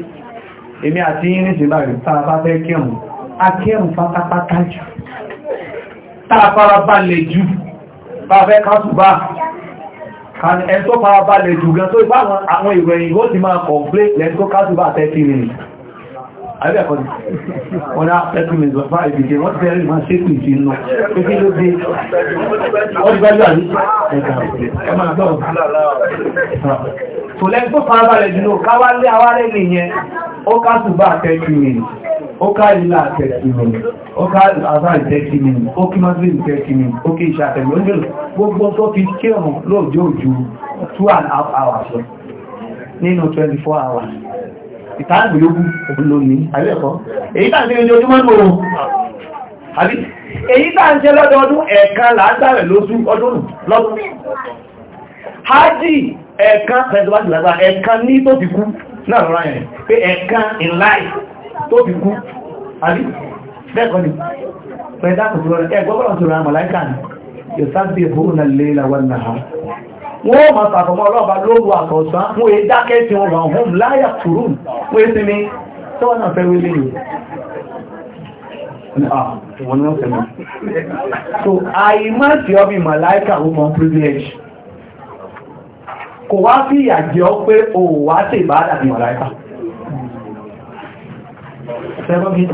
èmi àti yínrí sí bá rí tàbá fẹ́ kírùn akírùn pátápátá jù tàbára balẹ̀ jù bá fẹ́ kásùbá ẹn tó fara balẹ̀ jù gan tó ipá àwọn ìròyìn ó ti máa kọ̀ọ̀plé lẹ́n tó kásùbá tẹ́tì rìn àbí ẹ̀kọ́ wọn ni a tẹ́tì rìn lọ́pàá ìbìjẹ wọ́n ti fẹ́rẹ̀ máa ṣépù ìsì inú pé kí ló dé wọ́n ti gbájú àrí ẹ̀kà ẹ̀ máa gbọ́ ó ká ṣùgbà àtẹ́kì mi ó ká ìlà àtẹ́kì mi ó ká àzá ìtẹ́kì mi ó kí mọ́sílì ìtẹ́kì mi ó kí iṣẹ́ àtẹ́kì mi gbogbo tó fi kírùn lóòjò ju two and half hours lọ nínú 24 hours ìtàgbì ló bú lónìí àríẹ̀kọ́ èyí tàbí ojoojúmọ́ ní oòrùn àbí èyí tàà ń ṣe lọ́dọọdún ẹ̀ẹ̀kan láàtàrẹ̀ lóṣù ọdún lọ́dún hajji ẹ̀ẹ̀kan pẹ̀lú ẹ̀ẹ̀kan ní tó ti kú náà rọra yẹn pé ẹ̀kan in life tó fi kú àbí bẹ́ẹ̀kọ́ ni pẹ̀lú àkùsù rọrẹ ẹgbọ́gbọ́n tó rọrẹ my life. yóò sábẹ̀ ìhòòrùn náà lè làwọn náà wọ́n ma sàfọ̀mọ́ ọlọ́ọ̀bá lóòrù àtọ̀sán wọ́n èé dákẹ́ tí wọ́n wà hùn láyà tùrù wọ́n èé sinmi tọ́wọ́ náà fẹ́ wílé yìí wọ́n náà fẹ́ ah, mọ́ so àìmọ́ tí ọ bí privilege kò wá sí ìyàjẹ́ ọ pé o wá sí ìbáadà ní màláíkà kò sọ pé nígbà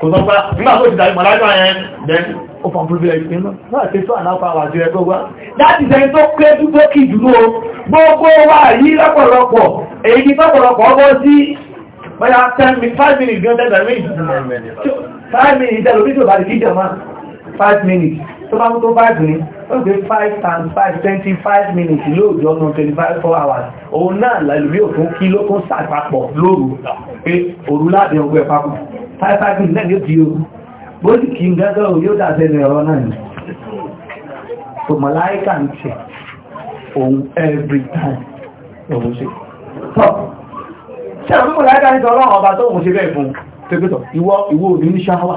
tó ti dàrí màláíkà yẹn then ó fọ́n privilege nínú náà ti tó àná pàwà sí ẹgbẹ́ wá láti sẹ́ni tó pé dúdó kì dúró gbogbo wa yí lọ́pọ̀lọpọ̀ èyí lọ́pọ̀lọpọ̀ ọgbọ́ sí bóyá 10 minutes 5 minutes gan 10 minutes 5 minutes ìtẹ́lórí tó bá di kíjọ máa 5 minutes tó bá ń tó bá gbé ó gbé five times five twenty five minutes lóòjọ́ ọ̀nà twenty five four hours òun náà lẹ́lùmí òfin kí ló kún sàpapọ̀ lóru pé òru láti ọgbẹ́ papọ̀ five five minutes náà yóò di o bóyí kí n gẹ́gẹ́ òun yóò dàbẹ̀ ní ọ̀rọ̀ náà ni tòmọ̀láìkà ń tẹ̀ every time òun ṣe tọ́ ṣe àwọn mọ̀láìkà ń tọ́ ọlọ́run ọba tó òun ṣe bẹ́ẹ̀ fún un tó gbẹ́tọ̀ ìwọ ìwọ òní ní ṣáwà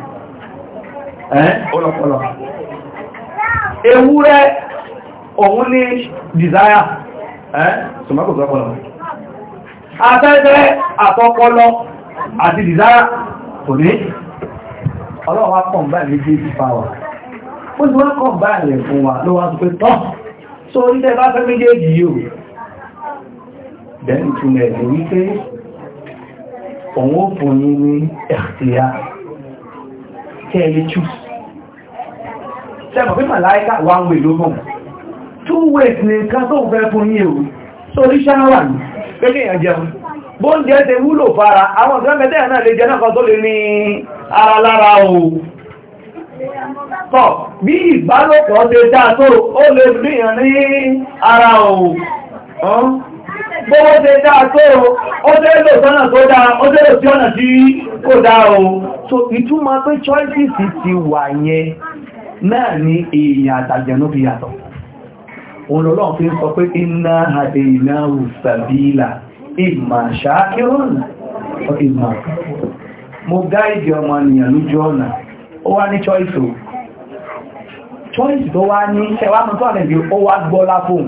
ọlọ́pọlọ ewúrẹ́ òun ní desire ṣùgbọ́n ọpọlọ afẹ́fẹ́ àtọpọlọ àti desire kò ní ọlọ́wà kọ̀mbà ní jésù power ó ti wọ́n kọ̀mbà rẹ̀ fún wa ló wá sọ pé tọ́ so orílẹ̀ bá fẹ́ méjèèjì yóò dẹ̀ ń túnlẹ̀ ní wípé òun ó fún yín ní ẹ̀kìyà kẹ́ẹ̀lẹ́ chus ṣẹ́bọ̀ pípà láíká one way ló mọ̀ two ways ní nǹkan tó fẹ́ fún yí ewu tó rí ṣáwà ní pẹ́lú èèyàn jẹun bó ń jẹ́ ṣe wúlò fara àwọn ìgbẹ́mẹ́tẹ́ náà lè jẹ náà kan tó lè ní ara lára o tọ́ bí ìbálòpọ̀ gbogbo ṣe dáa tó ó lò sọ́nà tó dáa ó lò sí ọ̀nà tí kò dáa o so ìtumọ̀ pé choices ti wà yẹn náà ni èèyàn àtàjẹ̀nú fi yàtọ̀ òun fi ń sọ pé iná àdè iná rùsàbílà ìmà ṣáàkírùn ìmà mo gáìdì ọmọ ènìyàn lójú ọ̀nà ó wá ní choice o choice tó wá ní ẹwà ó wá gbọ́lá fóun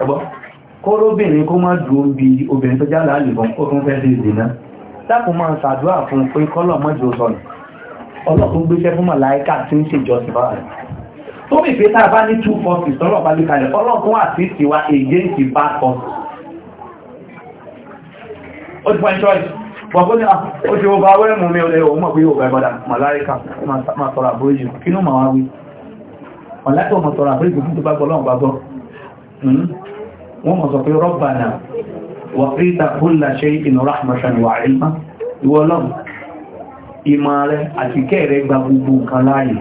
ẹgbọ́ kóróbìnrin kó má dúró bí obìnrin tó jálà àlèbọn ó tún fẹ́ sí ìdènà dákùn máa ṣàdúrà fún pé kọ́lọ̀ mọ́jọ sọ̀nà ọlọ́run gbéṣẹ́ fún màláíkà tí ń ṣèjọsìn bá rẹ̀ tó bí pé tàbá ní 240 tọ́lọ̀ bá lè kalẹ̀ ọlọ́run àti ìsìwà èyí ti bá kọ ó ti pọ́n choice bọ̀gbọ́n ní ah, ó ti ọba awẹ́rẹ́ mú mi olè òun mọ̀ pé yóò gbà ìbọ̀dà màláíkà máa tọrọ àbúrò jù kí ló máa wá wí màláíkà máa tọrọ tó bá gbọ́ lọ́wọ́ Hmm? wọ́n mọ̀ sọ pé rọ́bànà wà fíta húlà ṣe ìnà rahmatan wà ilmá ìwọ́lọ́m ìmọ̀ rẹ̀ àti kẹ́ẹ̀rẹ́ gba gbogbo nǹkan láàyè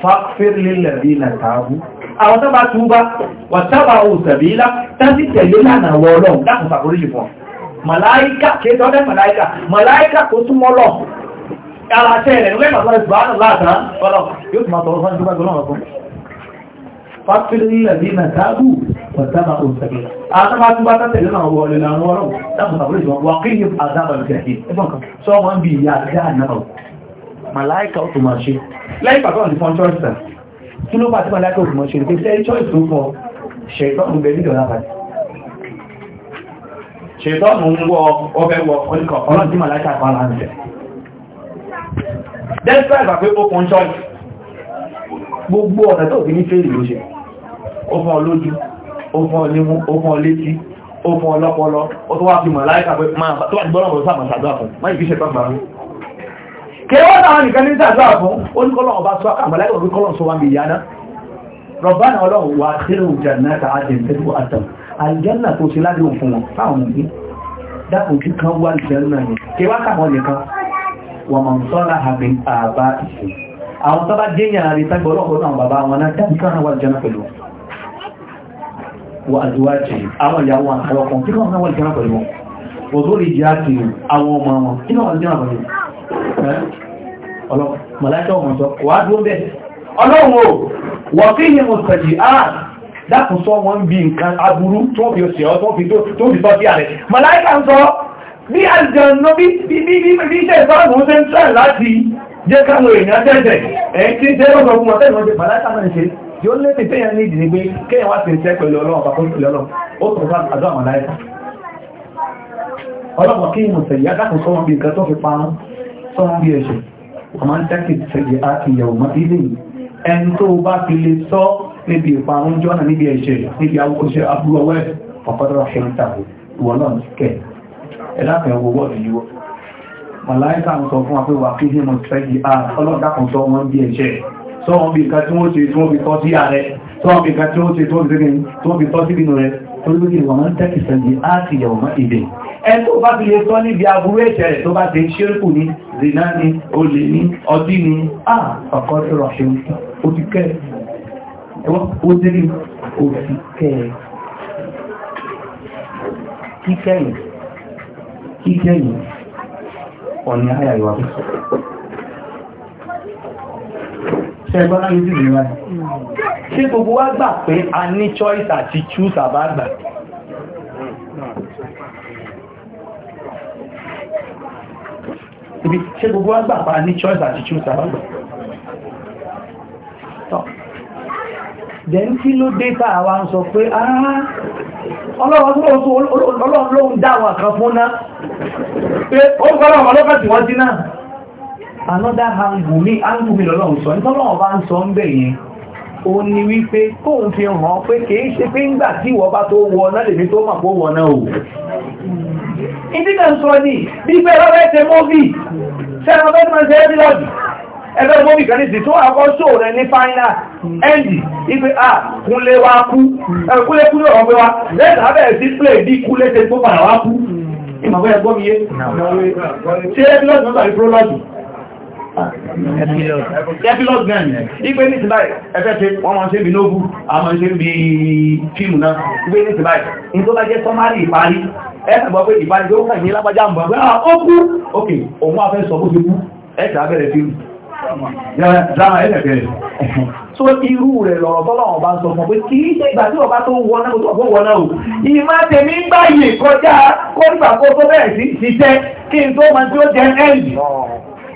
fáfírílẹ̀bí na tààbù àwọn tó bá túbá wà tábà òsàbílá tàbí tẹ̀lé lánàá wọ́ọ́lọ́m láàrín sàkóríṣì fún màláíkà kéèkọ́dẹ́ fáfílì lẹ́bí na tábù wọ̀tánà òǹtẹ̀lẹ̀. Àtàbà tí bá tẹ́lẹ̀ náà wọ ilẹ̀ àwọn ọ̀rọ̀ dákùn àwọn ìṣòwò wọn kí ní àzábà ìgbẹ̀kì. Ẹgbọ́n kan sọ wọ́n bí ìyá àjá pé ó kún chọ́ọ̀sì. Gbogbo ọ̀nà tó fi ní fèrè ló ṣe ó fún ọ lójú ó fún ọ nímú ó fún ọ létí ó fún ọ lọ́pọlọ ó tó wá fi mọ̀ láìka pé máa tó wà ní gbọ́nà bọ̀ sáà màṣàdọ́ àfún má ìfíṣẹ́ tó gbà mí kí wọ́n náà nìkan ní sàdọ́ àfún ó ní kọ́lọ̀ ọba sọ àmàlà ìwọ̀n pé kọ́lọ̀ sọ wá mi yáná rọ̀bánà ọlọ́run wà kílù jannata adìn tẹ́tù àtàm àlìjánà tó ṣe ládùn fún wọn fáwọn òbí dákùn kí kan wà jẹ́nà yìí kí wá kàwọn nìkan wà mọ̀ sọ́lá àmì àbá ìṣẹ́ àwọn tó bá jẹ́yàn àrítàgbọ́ ọlọ́run náà bàbá wọn náà dákùn kí kan wà jẹ́nà pẹ̀lú wọ àdúwájì àwọn ìyàwó àwọn ọkùn kí wọ́n wọ́n jẹ́rà pẹ̀lú wọn wọ́n lè jẹ́ àti àwọn ọmọ wọn kí wọ́n jẹ́rà pẹ̀lú ọlọ́mọlájọ́ ọmọ sọ wà á dúró bẹ́ẹ̀ ọlọ́wọ́ wọ́n kí ni mo sẹ̀jì á dákùn sọ ah, wọn bí nǹkan aburú tó fi ọ̀sẹ̀ ọ́ tó fi tọ́ sí ààrẹ màláìkà ń sọ bí àjọ̀nà bí iṣẹ́ ìfọ́nù ṣe ń tẹ̀ láti jẹ́ káwọn èèyàn tẹ̀tẹ̀ ẹ̀ tí ń tẹ́ lọ́gbọ̀n fún ọ̀tẹ́ ìwọ̀n jẹ́ màláìkà yóò lé ní tẹ́yà ní ìdí nígbé kéyàn wá tẹ̀sẹ̀ pẹ̀lú ọlọ́run bá fún ìlọ́lọ́ ó tún fún àdó àmàlà ẹ̀ka ọlọ́pàá kí mo tẹ̀yà dákùn sọ́wọ́n bí nǹkan tó fi pa sọ́wọ́n bí ẹ̀ṣẹ̀ ọmọ ń tẹ́kì tẹ̀yẹ àti ìyàwó mọ́ ilé ẹni tó bá fi lè sọ níbi ìparun jọ́nà níbi ẹ̀ṣẹ̀ níbi àwòkọ́ṣe abúrú ọwẹ́ ọ̀pọ̀dọ̀ ṣẹ̀ǹtà ìwọ náà kẹ̀ ẹ̀dáfẹ́ owó wọ́ọ̀dù yíwọ́ màláìka ń sọ fún wa pé wà kí ní mo tẹ́yẹ ọlọ́dàkùn sọ wọn bí ẹ̀ṣẹ̀ sọ́wọ́n bí nǹkan tí wọ́n ṣe tí wọ́n fi tọ́ sí ààrẹ sọ́wọ́n bí nǹkan tí wọ́n ṣe tí wọ́n fi tọ́ sí nínú rẹ̀ olóyìn wọ́n máa ń tẹ́kì sẹ́ndì áàkì yàwó ìbẹ̀ ẹ tó bá fi lè tọ́ níbi aburú ẹ̀ṣẹ̀ rẹ̀ tó bá ti ṣírùkù ní zina ní olè ní ọdí ní àkọ́kọ́ tó rọ̀ ṣeun ó ti ṣẹgbọ́n lójú ìrìnwá ṣe gbogbo wa gbà pé a ní choice àti choose àbágbà ibi ṣe gbogbo wa gbà pé a ní choice àti choose àbágbà then kí ló dé tá àwa ń sọ pé ah, ọlọ́run lóhun dáwà kan fún náà pé ó gbọ́nà ọmọ lọ́kàtí wọ́n dínà another angle mi angle mi lọ́lọ́run sọ nítọ́lọ́wọ́ bá ń sọ ń bẹ̀ yẹn ó ní wípé kóhun fi hàn pé kìí ṣe pé ńgbà tí ìwọ bá tó wọ náà lèmi tó mà kó wọ náà o ìdíkà ń sọ ní gbígbẹ́ ẹlọ́fẹ́ ṣe móvì sẹ́rọ fẹ́ máa ṣe ẹ́bílọ́dì ẹgbẹ́ móvì kan ní tó àkọ́ ṣò rẹ ní fáínà ẹ́ndì ipe a kúnlé wa kú kúnlé kú lọ́rọ̀ pé wa lẹ́sà bẹ̀rẹ̀ sí plé bí kúnlé ṣe tó padà wá kú ìmọ̀gbẹ́ ẹgbọ́ mi yé ṣe ẹ́bílọ́dì Epilog náà ni. Ipé ní ti báyìí, ẹfẹ́ ṣe wọ́n máa ṣe bí lóògùn, a máa ṣe bí fíìmù náà. Ipé ní ti báyìí, ní tó bá jẹ́ sọ́márì ìparí, ẹ́sàgbọ́ pé ìparí tó kàn ní lápájá ń bọ̀ pé à ah, ó kú, ókè, òun á fẹ́ sọ bó ṣe kú, ẹ́sà bẹ̀rẹ̀ fíìmù. Dára ẹ̀sẹ̀ bẹ̀rẹ̀. So irú rẹ̀ lọ̀rọ̀ tọ́lọ́wọ̀n bá ń sọ fún pé kì í ṣe ìgbà tí ọba tó wọ náà tó wọ náà o. Ìmá tèmi ń gbáyè kọjá kó nígbà kó tó bẹ̀rẹ̀ sí ṣiṣẹ́ kí n tó máa tí ó jẹ ẹ́ǹdì.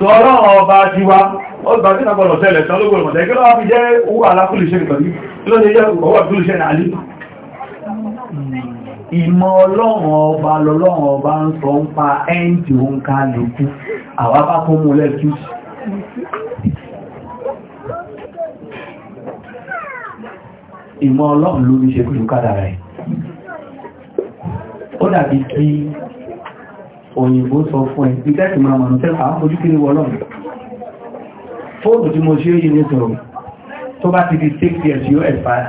tọ́rọ ọba ti wá ọgbà tí nàgbọ̀lọ̀ tẹ́lẹ̀ tọ́lógún ọmọdé kí lọ́wọ́ fi jẹ́ owó alákùlùṣẹ́ ìgbàlú tí lọ́nà jẹ́ owó àkùlùṣẹ́ ní alì ìmọ̀ ọlọ́run ọba lọ́lọ́run ọba ń sọ ń pa ẹ́ǹtì òun ká lòkú àwa bá kún mú lẹ́tú ìmọ̀ ọlọ́run ló ní ṣe pẹ̀lú kádàrà ẹ̀ òyìnbó sọ fún ẹ̀ bí tẹ́ẹ̀kì máa mọ̀ tẹ́lá fojú kí ní wọ́lọ́ fóòdù tí mo ṣe yìí ní sọ̀rọ̀ tó bá ti di 6 years yóò expire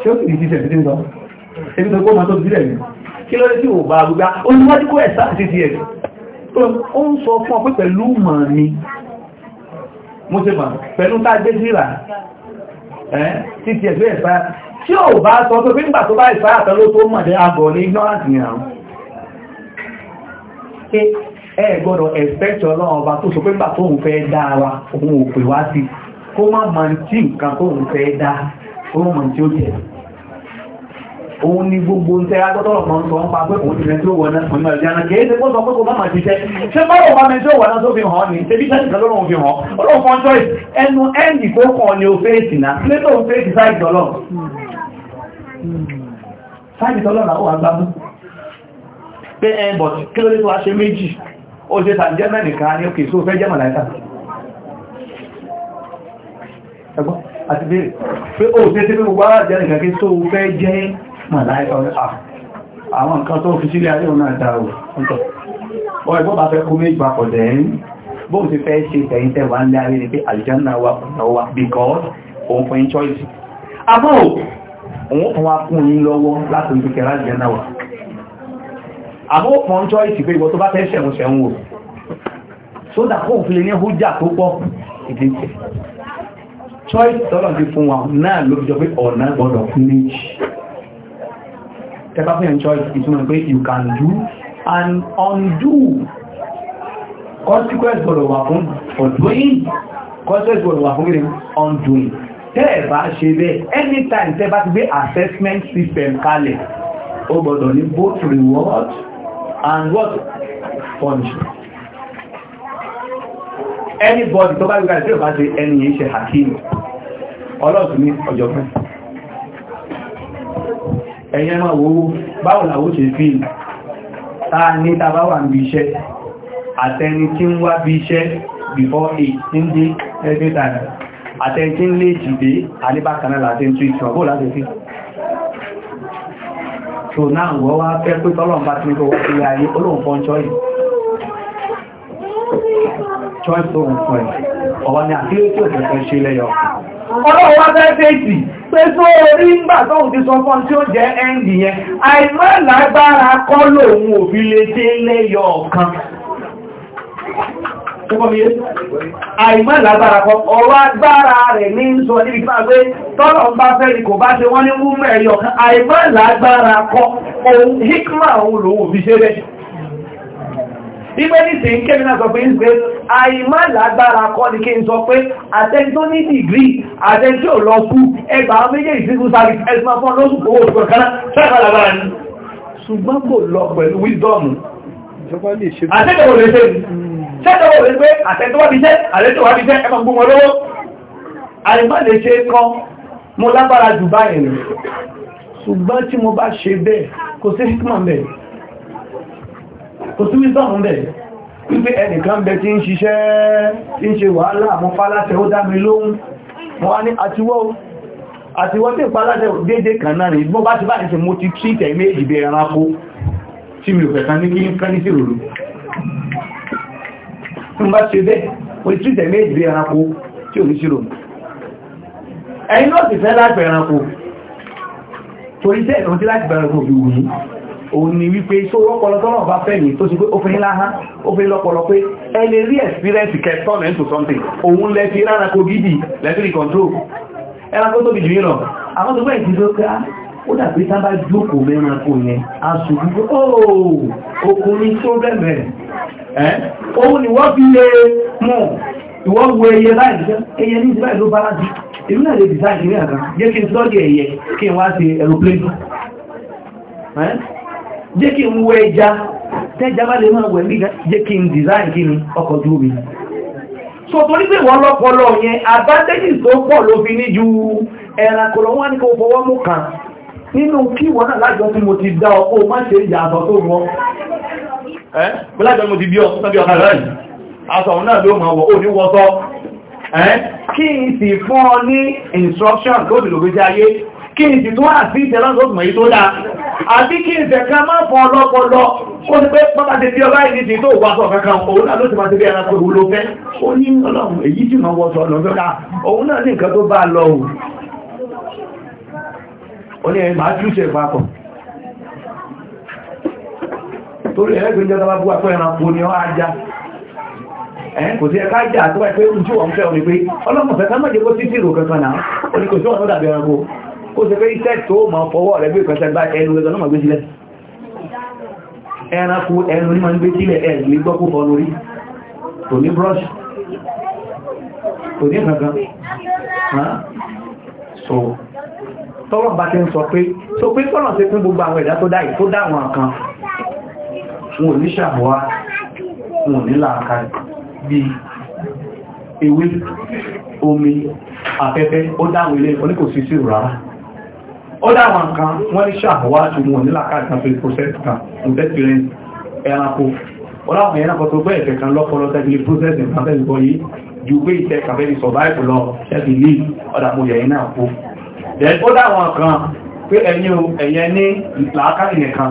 ṣé ó sì di títẹ̀ títí sọ ebi tó gbọ́nà tó sílẹ̀ ní kí lọ́dẹ́ tí ò bá gbogbo oníwájú kó ẹ̀sá àti ti ẹ̀sì ó ń sọ fún ọ pé pẹ̀lú mọ̀ ni mo ṣe mọ̀ pẹ̀lú tá gbé sí ìlà títí ẹ̀sì ẹ̀sà tí ò bá sọ tó pé ẹ gbọ́dọ̀ ẹ̀fẹ́tì ọlọ́run ọba tó sọ pé gbà tóun fẹ́ dá wa òun ò pè wá sí kó má mọ̀ tí nǹkan tóun fẹ́ dá òun mọ̀ tí ó jẹ́ òun ni gbogbo ń tẹ́ra gbọ́tọ̀rọ̀ kan sọ ń pa pé òun ti rẹ̀ tí ó wọ̀ná fún ìmọ̀ ìjánà kìí ṣe pọ́sọ̀ pé kò bá máa ṣiṣẹ́ ṣe bá wọ́n mi tí ó wọ̀ná tó fi hàn ní ṣe bí tẹ́sì lọ́rùn fi hàn ọlọ́run fún ọjọ́ ẹnu ẹ́ndì tó kàn ní o fèsì náà lẹ́tọ̀ fèsì sáìtì ọlọ́run pé ẹbọ̀ eh, kí ló lé tó wá ṣe méjì ó ṣe tàn jẹ́ mẹ́nìkan ní òkè tó fẹ́ jẹ́ màláìkà ẹgbọ́n àti bèèrè pé ó ṣe tí gbogbo ara jẹ́ nìkan kí tó fẹ́ jẹ́ màláìkà ah, àwọn nǹkan tó fi sílé ayé òun àdáwò ọ̀ ẹgbọ́n bá fẹ́ kó méjì papọ̀ dẹ̀ẹ́yìn bóò ti fẹ́ ṣe tẹ̀yìntẹ́ wà ń lé ayé because òun fún yín choice àbúrò òun fún wa kún yín lọ́wọ́ láti ojú kẹrà àlìjánà wà àmọ́ fọ́n tọ́ ìsìnkú ìwọ tó bá fẹ́ sẹ̀wọ̀n sẹ̀wọ̀n wò so that kó fi lè ní hújà tó pọ̀ ìdíjẹ̀ choice tọ́lọ̀ ti fún wa náà ló fi jọ pé ọ̀nà gbọ́dọ̀ fún méjì tẹ́bá fún yẹn choice ìtumọ̀ pé you can do and undo consequence gbọ́dọ̀ wà fún for doing consequence gbọ́dọ̀ wà fún gírí undoing tẹ́ẹ̀bá ṣe bẹ́ẹ̀ anytime tẹ́bá ti gbé assessment system kalẹ̀ ó gbọ́dọ̀ ní both reward and what punishment anybody tó bá gbígbà tí ó bá ṣe ẹni yìí ṣe hakim ọlọ́tún ní ọjọ́gbọ́n ẹ̀yẹn máa wo báwọn làwó ṣe fi ta ní tàbá wà níbi iṣẹ́ àtẹni tí ń wá bí iṣẹ́ before 8 tí ń dé every time àtẹni tí ń lè jìdé àníbákanáà àtẹni tí ìtìwọ̀n bóò láti fi tó náà wọ́n wá fẹ́ pé tọ́lọ́n bá ti ní owó sí ayé olóhùn fún choice choice tó ẹ̀ ọ̀wọ́ ni àkílé tí òfin fẹ́ ṣe lẹ́yọ ọlọ́run wá fẹ́ fèsì pé tó orí ń gbà tóun ti sọ fún tí ó jẹ́ àìmọ́ ìlágbára kan ọ̀rọ̀ agbára rẹ̀ ní sọ níbi tí máa gbé tọ́lọ̀ ń bá fẹ́ ní kò bá ṣe wọ́n ní wúmọ̀ ẹ̀rí ọ̀kan àìmọ́ ìlágbára kan ohun hikma ohun lòun fi ṣe bẹ́ẹ̀ ibẹ́ ní sí kẹ́mínà sọ pé ń pé àìmọ́ ìlágbára kan ní kí n sọ pé àtẹ́ntó ní dìgírí àtẹ́ntí ò lọ fún ẹgbà méjèèjì civil service ẹgbà fún lóṣù owó òṣùpọ̀ kan ṣùgbọ́n kò lọ pẹ̀lú wisdom àtẹ́kọ̀ọ́ sẹ́tọ̀ wọ́n wọ́n pé àtẹ́tọ́wábíṣẹ́ àtẹ́tọ́wábíṣẹ́ ẹmọ gbogbo wọn lọ́wọ́ àìmọ́ lè ṣe kan mo lágbára jù báyìí ṣùgbọ́n tí mo bá ṣe bẹ́ẹ̀ kò sí hikman bẹ́ẹ̀ kò sí wisdom bẹ́ẹ̀ wípé ẹnìkan bẹ tí ń ṣiṣẹ́ tí ń ṣe wàhálà àmọ́ fáláṣẹ ó dá mi lóhun mo wá ní àtiwọ́ àtiwọ́ tí ìpaláṣẹ déédéé kan náà rí bó bá ti bá ní ṣe mo ti tí ìtẹ̀ méjì bí ẹranko tí mi ò fẹ̀kan ní kí ń fẹ́ ní sí òru ń bá ṣe bẹ́ẹ̀ wọ́n tí tẹ̀lé ìgbé ẹranko tí ò ní ṣírò mú ẹ̀yìn náà sì fẹ́ láti ẹranko torí tẹ́ ìrọ̀ tí láti bẹ̀rẹ̀ òbí wù ní òun ni wípé tó rọ́pọlọ tọ́nà bá fẹ́ ní tó ti pé ó fi ń láhá ó fi lọ́pọlọ pé ẹ lè rí experience kẹtọ́nà into something òun lẹ fi rárakó gidi lẹ́tírì control ẹranko tóbi jù yìí lọ àwọn tó gbẹ̀yìn ti tó ká ó dàbí sábà jókòó mẹ́ranko yẹn aṣòfin ooo oh, òun ni wọ́n fi lè mú ìwọ́n wo ẹyẹ báyìí ẹyẹ ní ìsìnbáyìí ló bára jù èmi náà lè dìsáì ní àgbà jẹ́ kí n tọ́jú ẹyẹ kí n wá sí aeroplane jẹ́ kí n wo ẹja tẹ́já bá lè máa wẹ̀ mí jẹ́ kí n dìsáì kí ni ọkọ̀ ojú omi so torí pé wọ́n lọ́pọlọ yẹn àbádẹ́jì tó pọ̀ ló fi ní ju ẹranko lọ wọ́n ní kó fọwọ́ mú kan nínú kí wọ́n náà lájọ tí mo ti dá ọkọ̀ má ìyàtọ̀ tó wọ́n gbọ́lájọ́ mo ti bí ọ̀sán bí ọ̀sán lẹ́yìn aṣọ náà ló máa wọ̀ ó kí n sì fún ọ ní instruction tó dìlò gbé kí n sì tún àti sí tó mọ̀ tó dáa àti kí n sẹ̀ká má fọ ọlọ́pọlọ ó ti pé pápá ti bí ọba ìdí tó wà sọ kankan òun náà ló ti máa ti bí ẹran ló fẹ́ ó ní ọlọ́run èyí tí wọ́sọ ọ̀nà òun lọ torí ẹgbẹ̀rẹ̀ jọta bá búwà fẹ́ràn kò ní ọ ajá ẹ̀yìn kò sí ẹka ajá tó wà pé ojú ọ̀n fẹ́ òní pé ọlọ́mọ̀fẹ́ ká mọ́jẹ́ kó títí ìrò kankan náà ó ní kò sí ọ̀nà dàbí ẹranko kó ṣe pé iṣẹ́ tó mọ̀ fọwọ́ rẹ̀ gbé pẹ̀sẹ̀ bá ẹnu gẹ́gẹ́ lọ́mọ̀ gbé sílẹ̀ ẹranko ẹnu brush kò ní so ti ń sọ pé so pé tọ́lọ̀ ti fún gbogbo àwọn ẹ̀dá tó dá yìí tó dá àwọn kan fún oníṣàmọ́wá fún onílàáká bí ewé omi afẹ́fẹ́ ó dáwọn ilé oníkòsí sí rárá ó dáwọn kan wọ́n ní ṣàmọ́wá tó mú onílàáká ìtànfẹ́ process kan investment ẹranko ọláwọn ẹranko tó gbẹ́ ìfẹ́ kan lọ́pọ̀lọ́ tẹ́bílì process ìtànfẹ́ ìbọn yìí ju pé ìtẹ́ kàfẹ́lì survive lọ tẹ́bílì ọdàmọ́ yẹ̀yìn náà kó ó dáwọn kan pé ẹ̀yìn ẹ̀yẹ ní làákà ìyẹn kan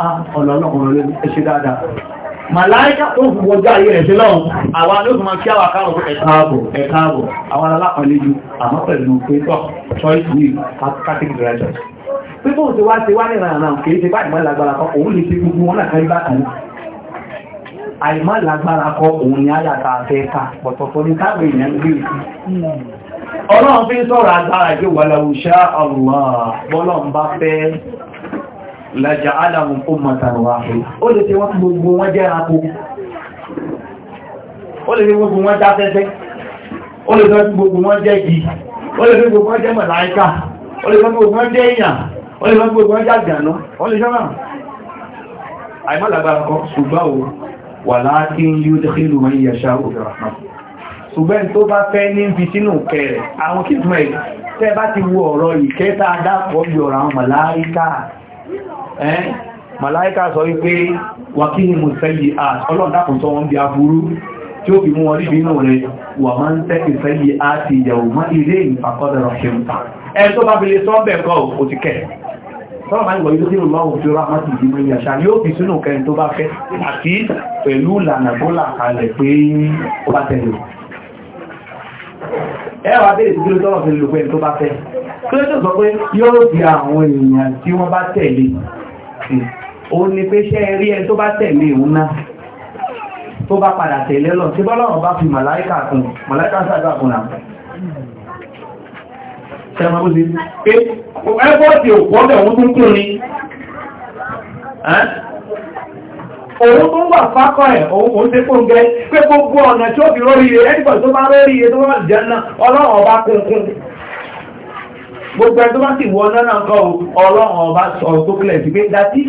Ah, ọlọ́lọ́kùnrin ẹṣẹ́ dáadáa màláíkà tó fún wọjá ayé rẹ̀ sí lọ́wọ́ àwọn alóògùn máa kí àwà káàrùn ẹ̀káàbọ̀ ẹ̀káàbọ̀ àwọn alápàlejò àmọ́ pẹ̀lú pẹ́tọ̀ choice will category writers pípọ̀ tí wá ti wá ní ìrànà kìí ti báyìí máa lágbára kọ òun lè ti gbogbo wọn láàrín bákan ní àìmá lágbára kọ òun ni áyàtà àfẹ́ẹ̀ká pọ̀tọ̀tọ̀ ní táàbì ìyẹn ń gbé e ọlọ́run fi ń sọ̀rọ̀ agbára ìgbéwàlà òṣà ọlọ́run bá fẹ́ lájá aláhùn ummatan wahida ó lè ṣe wọ́n gbogbo wọ́n jẹ́ àpò ó lè ṣe gbogbo wọ́n dáfẹ́fẹ́ ó lè ṣe gbogbo wọ́n jẹ́ igi ó lè ṣe gbogbo wọ́n jẹ́ màláíkà ó lè ṣe gbogbo wọ́n jẹ́ èèyàn ó lè ṣe gbogbo wọ́n jẹ́ àgbànú ó lè ṣọ́nà àìmọ́lágbára kan ṣùgbọ́n ò wà tó bá fẹ́ ní fi sínú kẹrẹ̀ àwọn kìtìmọ̀ tẹ́ bá ti wo ọ̀rọ̀ ìkẹta adápọ̀ bí ọ̀rọ̀ àwọn màláíkà eh màláíkà sọ wípé wà kí ni mo fẹ́yì àtọ́lọ́dàkùn tó wọ́n bí aburú tí ó fi mú wọn níbi inú rẹ̀ wà máa ń tẹ́kì fẹ́yì àti ìyàwó má ilé ìfàkọ́dọ̀rọ̀ ṣe ń ta ẹ tó ba fi lè sọ bẹ̀ kọ́ ò ti kẹ̀ sọ́rọ̀ máa ń wọ̀nyí lórí ìrùlọ́wọ́ fi rá máti ìdí mẹ́rin àṣà ni ó fi sínú kẹrin tó bá fẹ́ àti pẹ̀lú ìlànà tó là kalẹ̀ pé ó bá tẹ̀lé ẹwà bèèrè tí ló tọ́rọ̀ fi lò pẹ́ tó bá fẹ́ tó ló tó sọ pé yóò fi àwọn èèyàn tí wọ́n bá tẹ̀lé ó ní pé ṣẹ́ rí ẹ tó bá tẹ̀lé òun náà tó bá padà tẹ̀lé lọ tí bọ́lọ́run bá fi màláíkà kún màláíkà sáàdà kún náà ṣẹ́mọ́ bó ṣe òun tó ń wà fákọ̀ ẹ̀ òun se fún gẹ́ pé gbogbo ọ̀nà tí ó fi rórí rẹ̀ ẹ́nìbọ̀ tó bá rórí rẹ̀ tó bá jẹ́ náà ọlọ́run ọba kúnkún gbogbo ẹ̀ tó bá sì wọ náà kọ́ ọlọ́run ọba sọ tó kílẹ̀ sí pé dàtí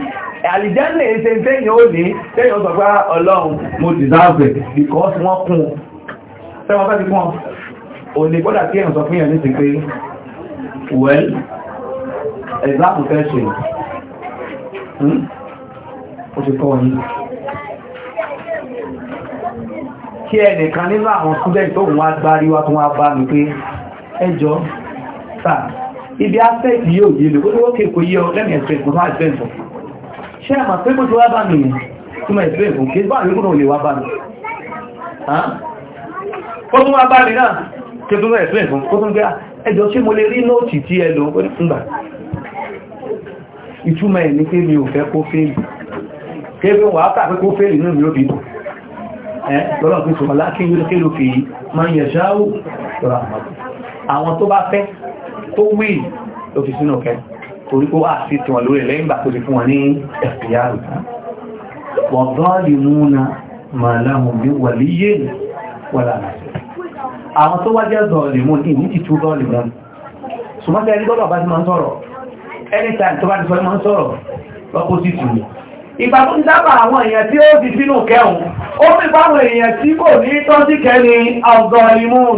àlìjẹ́nà èsè tẹ́yìn ó ní tẹ́yìn sọ pé ah, ọlọ́run mo ti dáàbẹ̀ because wọ́n kún tẹ́wọ́n fẹ́ ti kún òní gbọ́dà tí ẹ̀yàn sọ fún yẹn ní ti pé well example fẹ́ ó ti tọ́ yìí kí ẹnìkan nínú àwọn student tó wọ́n agbárí wá tó wọ́n bá mi pé ẹjọ́ sáà ibi aspect yóò yìí lè kókó kí kò yíọ lẹ́mì ẹ̀sẹ̀ ìgbọ́n máa ẹ̀sẹ̀ ìfọ̀ ṣe àmà pé kó tó wá bá mi yìí tó máa ẹ̀sẹ̀ ìfọ̀ kí bá yóò kúrò lè wá bá mi ó tún wá bá mi náà kí tó máa ẹ̀sẹ̀ ìfọ̀ kó tó ń gbé ẹjọ́ ṣé mo lè rí nóòtì tí ẹ lò ó ń ní pé mi ò fẹ́ kó fèèlì kéèkéé wà tàbí kó fẹ́ ìlú mi ó bí lọ́nà pín fún ọlá kí yóò kéèrò fi máa yẹ ṣááwù lọ́rọ̀ àwọn tó bá fẹ́ tó wí ló fi sínú kẹ torí kó wà sí tiwọn lórí lẹ́yìn ìgbà tó ti fún wọn ní ẹ̀fìyàrù wọ́n gọ́ọ̀lì múna màláhùn bí wàlíyé wọ́lá tó bá ti máa ń sọ̀rọ̀ anytime tó ti sọ ìgbà tó ń dábà àwọn èèyàn tí ó ti sínú kẹun ó fi fáwọn èèyàn tí kò ní tọ́sí kẹni alzheimer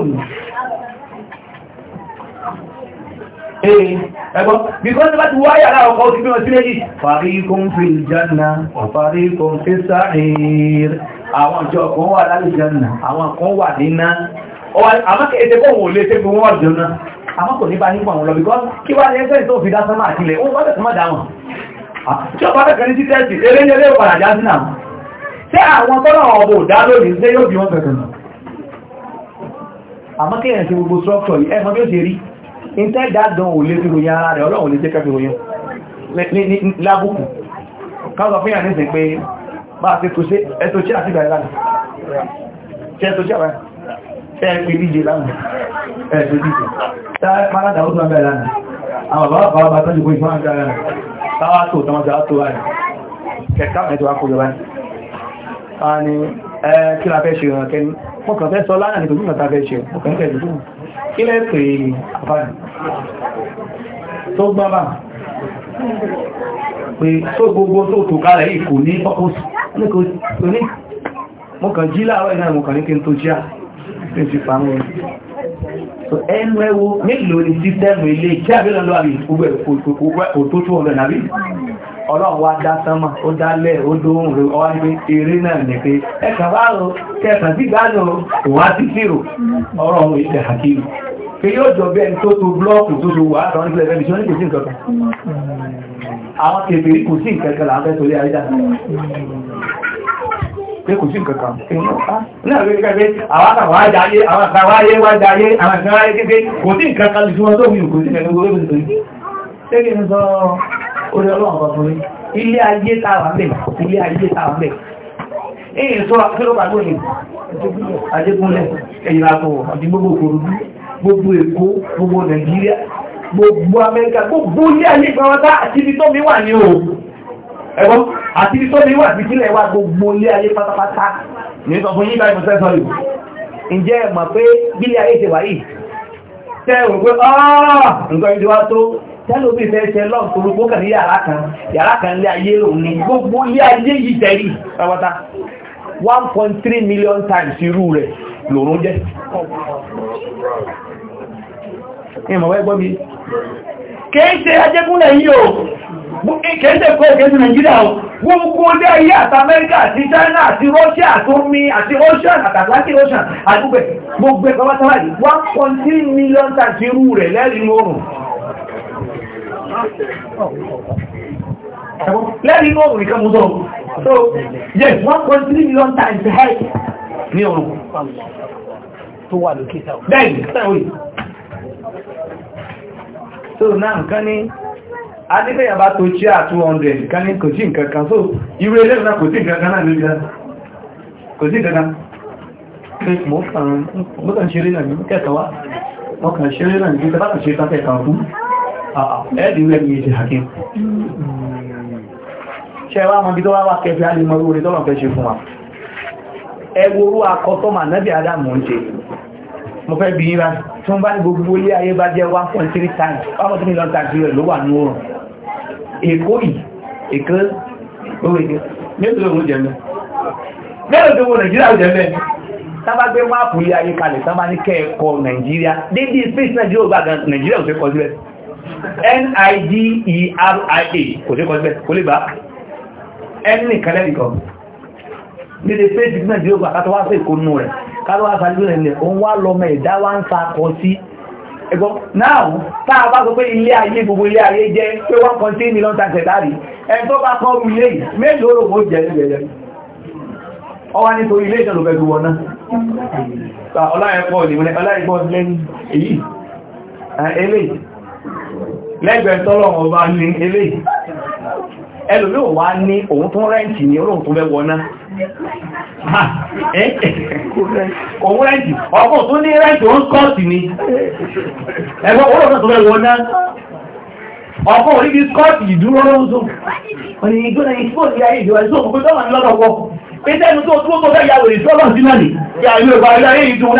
ẹgbọ́n bíkọ́ tí bá ti wá yàrá ọkọ̀ òsì bí wọ́n sí méjì fàríkún fi ìjánà fàríkún fi sáàrín àwọn ìjọ kan wà lálìjánà àwọn kan wà níná àmọ́kẹ́ ètẹ́ kọ́ wọ́n lè tẹ́ bí wọ́n jọ náà àmọ́kọ̀ ní bá nípa àwọn lọ bíkọ́ kí wá ní ẹgbẹ́ ìtò òfin dá sánmà àtìlẹ̀ ó wọ́n tẹ̀sánmà dáwọn tí ó bá fẹ́kẹ́ ní títẹ́sì eré ní eré ìpàdà já sínà tí àwọn tọ́nà ọ̀bọ̀ dá lónìí ṣe yóò bí wọ́n fẹ̀kẹ́ nù àmọ́ kí ẹ̀yàn ti gbogbo structure yìí ẹ̀mọ́ bí ó ṣe rí intẹ́gbàdàn ò lè fi ròyìn ara rẹ̀ ọlọ́run lè jẹ́ kẹfì ròyìn lábùkù káàkiri fún ìyàní ìsìn pé bá ti kò sí ẹ̀tọ́ tí àti ìgbàlá ẹ̀tọ́ tí àbáyé ẹ̀ẹ̀kì díje lánàá ẹ̀ẹ̀kì díje táwà tó tán jẹ́ àtò wáyé kẹta ẹ̀tọ́ akójọ wáyé a ni ẹ kí la fẹ́ ṣe ìrìn àkẹ́ni wọ́n kàn fẹ́ sọ láàrín àti ìtòjú mẹ́ta fẹ́ ṣe ọkàn tẹ̀ ìtòjú kí lẹ́ pè àbáyé tó gbábà pé tó gbogbo tó tò kálẹ̀ yìí kò ní pọ́pọ́sì mo kàn jí láàárọ̀ ìnáà mo kàn ní kí n tó ẹnu ẹwo mélòó ni sísẹ́mù ilé kí àbílọ̀ lọ àrí òtótó ọ̀rẹ́ nàbí ọlọ́run wá dá sánmà ó dálẹ̀ ó dóhùn rẹ̀ ọwá ní eré náà ní pé ẹ̀kà bá rọ kẹfà sí gbádùn òwá sí sírò ọ̀rọ̀ ohun ìṣẹ̀ àkíyù pé yóò jọ bẹ́ẹ̀ tó tó blọ́ọ̀kù tó tó wà àtàwọn ìpínlẹ̀ fẹ́mi ṣọ́ ní kò sí nǹkan kan pé kò sí nǹkan kan láàrin ah, ìgbẹ́ àwọn àwọn àjáyé àwọn àwáyé wájáyé àwọn àjáyé kéfé kò sí nǹkan kan lùsùn wọn tó wù kò sí nǹkan gbogbo lórí ìtòrí ṣé kí n sọ orí ọlọ́run kan fún mi ilé ayé tàwà mẹ́ ilé ayé tàwà mẹ́ èyí sọ kílọ́pàá lónìí ajégúnlẹ̀ ẹ̀yìn àtọ̀wọ̀ àti gbogbo òkòròdú gbogbo èkó gbogbo nàìjíríà gbogbo amẹ́ríkà gbogbo ilé ayé pàwọ́tá àti ibi tó mi wà ní òòrùn ẹgbọ́n àti ibi tó lè wà ìpìlẹ̀ wà gbogbo ilé ayé pátápátá ní sọ fún yíká ìmọ̀sẹ́ sọ yìí ǹjẹ́ ẹ mọ̀ pé bílé ayé ṣe wà yìí tẹ́ ò pé ah! nǹkan ìdí wá tó tẹ́lò bí ìfẹ́ ṣe lọ́n tó rúgbó kàn ní yàrá kan yàrá kan ilé ayé lòun ní gbogbo ilé ayé yìí tẹ̀rí pátápátá 1.3 million times irú rẹ̀ lòun jẹ́ ìmọ̀wẹ́ gbọ́ mi kéèṣe ajégúnlẹ̀ yìí o kẹ́ẹ̀ṣẹ́ kọ́ kẹ́ẹ̀ṣẹ́ Nàìjíríà wọ́n kó lé ayé àti Amẹ́ríkà àti China àti Russia àti omi àti Ocean àti Atlantic Ocean gbogbo ẹ̀kọ́ wátàwà yìí 1.3 million times irú rẹ̀ lẹ́rìn oòrùn lẹ́rìn oòrùn nìkan mú sọ so now, 1.3 a ní bá tó 200 kò so irú ilé kò sí nǹkan náà ló kò sí nǹkan kan mo kàn ṣeré náà ní kẹta wá mo kàn ṣeré náà ní tẹ́bá kàn ṣe tán kẹta ẹ̀ẹ́dì rẹ̀ ní ṣe wá mọ́ bí tó wá orí tọ́lọ̀ fẹ́ ṣe fún wa ẹwòrú akọ́tọ́mà adamu ń ṣe mo fẹ́ bí yíra tí wọ́n bá ní gbogbo ilé times 1.3 million times èkó yìí èkán owó òun jẹ́ mẹ́ mẹ́rin tó wọ nàìjíríà jẹ́ mẹ́ sábà gbé máàpù ilé ayé sábà ní kẹ́ẹ̀kọ́ nàìjíríà dédé space nàìjíríà ò nàìjíríà ò fẹ́ síbẹ̀ nigeria kò fẹ́ kọ síbẹ̀ kò lè gbà ẹni nìkan dédé space nàìjíríà ò bá kátó wá fẹ́ ìkónú rẹ̀ kátó wá ẹgbọ́n náà táà bá sọ pé ilé ayé gbogbo ilé ayé jẹ́ pé wọ́n kan tí mílọ́n tàṣẹ̀ láàrí ẹn tó bá kọ́ rú ilé mélòó rò ó jẹ́ ìrẹ̀lẹ̀ ọwá nítorí ilé ìjọ lòbẹ̀ gbogbo ọ̀nà ọláyẹ̀pọ̀ ọláyẹ̀pọ̀ lẹ́yìn èyí ẹlòmí ò wá ní òun tún rẹ́ǹtì ní olóhun tó fẹ́ wọná òun rẹ́ǹtì ọkọ̀ tó ní rẹ́ǹtì òun skọ́ọ̀tì ni ẹgbẹ́ olóhun tó fẹ́ wọná ọkọ̀ orí bí skọ́ọ̀tì ìdúró lóòzò tó tó ní yàwó ìgbà ayé ìdùn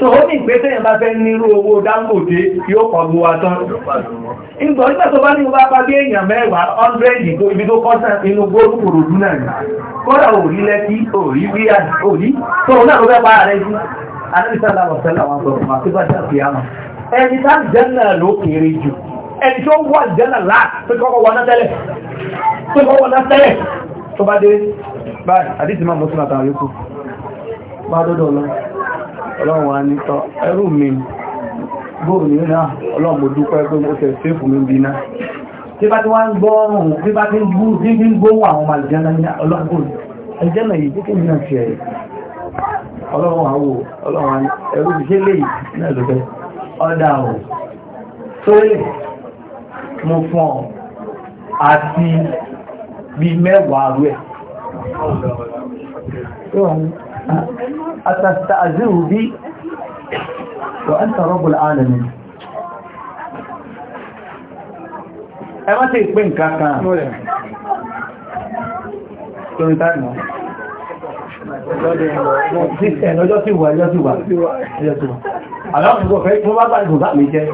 so ó ní ìgbé tẹ́yàn bá fẹ́ nírú owó Dangote yóò pọ̀ bú wa tán ìgbọ̀n nígbà tó bá ní wọ́n bá bá bí èèyàn mẹ́wàá 100 tó ibi tó kọ́sàn inú góòlù kòròdú náà ní kódà òrí lẹ́kí òrí bí òrí tó náà ló fẹ́ pa ààrẹ sí anábìsálà ọ̀sẹ́là wọn sọ̀rọ̀ màá tó bá ṣàfi àmà ẹni tá jẹ́nà ló kéré jù ẹni tó wà jẹ́nà láà tó kọ́kọ́ wọn tẹ́lẹ̀ tó bá dé báyìí àdìsí máa mọ́tún àtàwọn yòókù bá dọ́dọ̀ lọ ọlọ́run wa ní tọ́ ẹrù mi góòrù ní náà ọlọ́run mo dúpẹ́ pé mo tẹ̀ séfù mi bí náà tí bá ti wá ń gbọ́ ọrùn tí bá ti ń gbú tí ń gbóhùn àwọn ọmọ àlùjẹ́nà ní ọlọ́run ẹjẹ́nà yìí tí kìí náà ti ẹ̀ ọlọ́run àwò ọlọ́run ẹrù ṣe lè náà lọ́fẹ́ ọ̀dà ọ̀ أتستأذره بي وأنت رب العالمين ẹ má ṣe ìpín kankan tó ní táìmù ọjọ́ sí wà ẹjọ́ sí wà ẹjọ́ sí wà àwọn ọmọ ìgbọ̀fẹ́ fún bá bá ìgbò bá mi jẹ́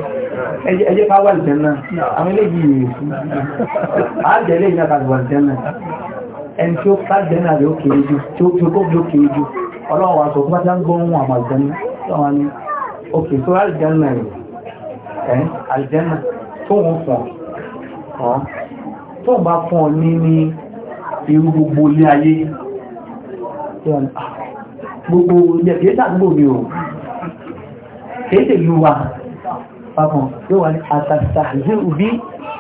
ẹjẹ́ ká wà ìjẹ́ náà àwọn eléjì ìrìn fún àájẹ́ ilé ìjẹ́ náà ẹni tí ó ká náà rẹ̀ ó kéré jù ọlọ́run wa sọ fún bájá ń gbọ́ ohun àwọn àjẹ́nà lọ́wọ́ ni ok so àjẹ́nà rẹ̀ ẹ́ àjẹ́nà tó ń fún ọ tó ń bá fún ọ ní ní irú gbogbo ilé ayé ah, gbogbo ilé ẹ̀kẹ́ sàdúgbò mi ò kéèdè ìlú wa papọ̀ yóò wà ní àtàtà ìdí òbí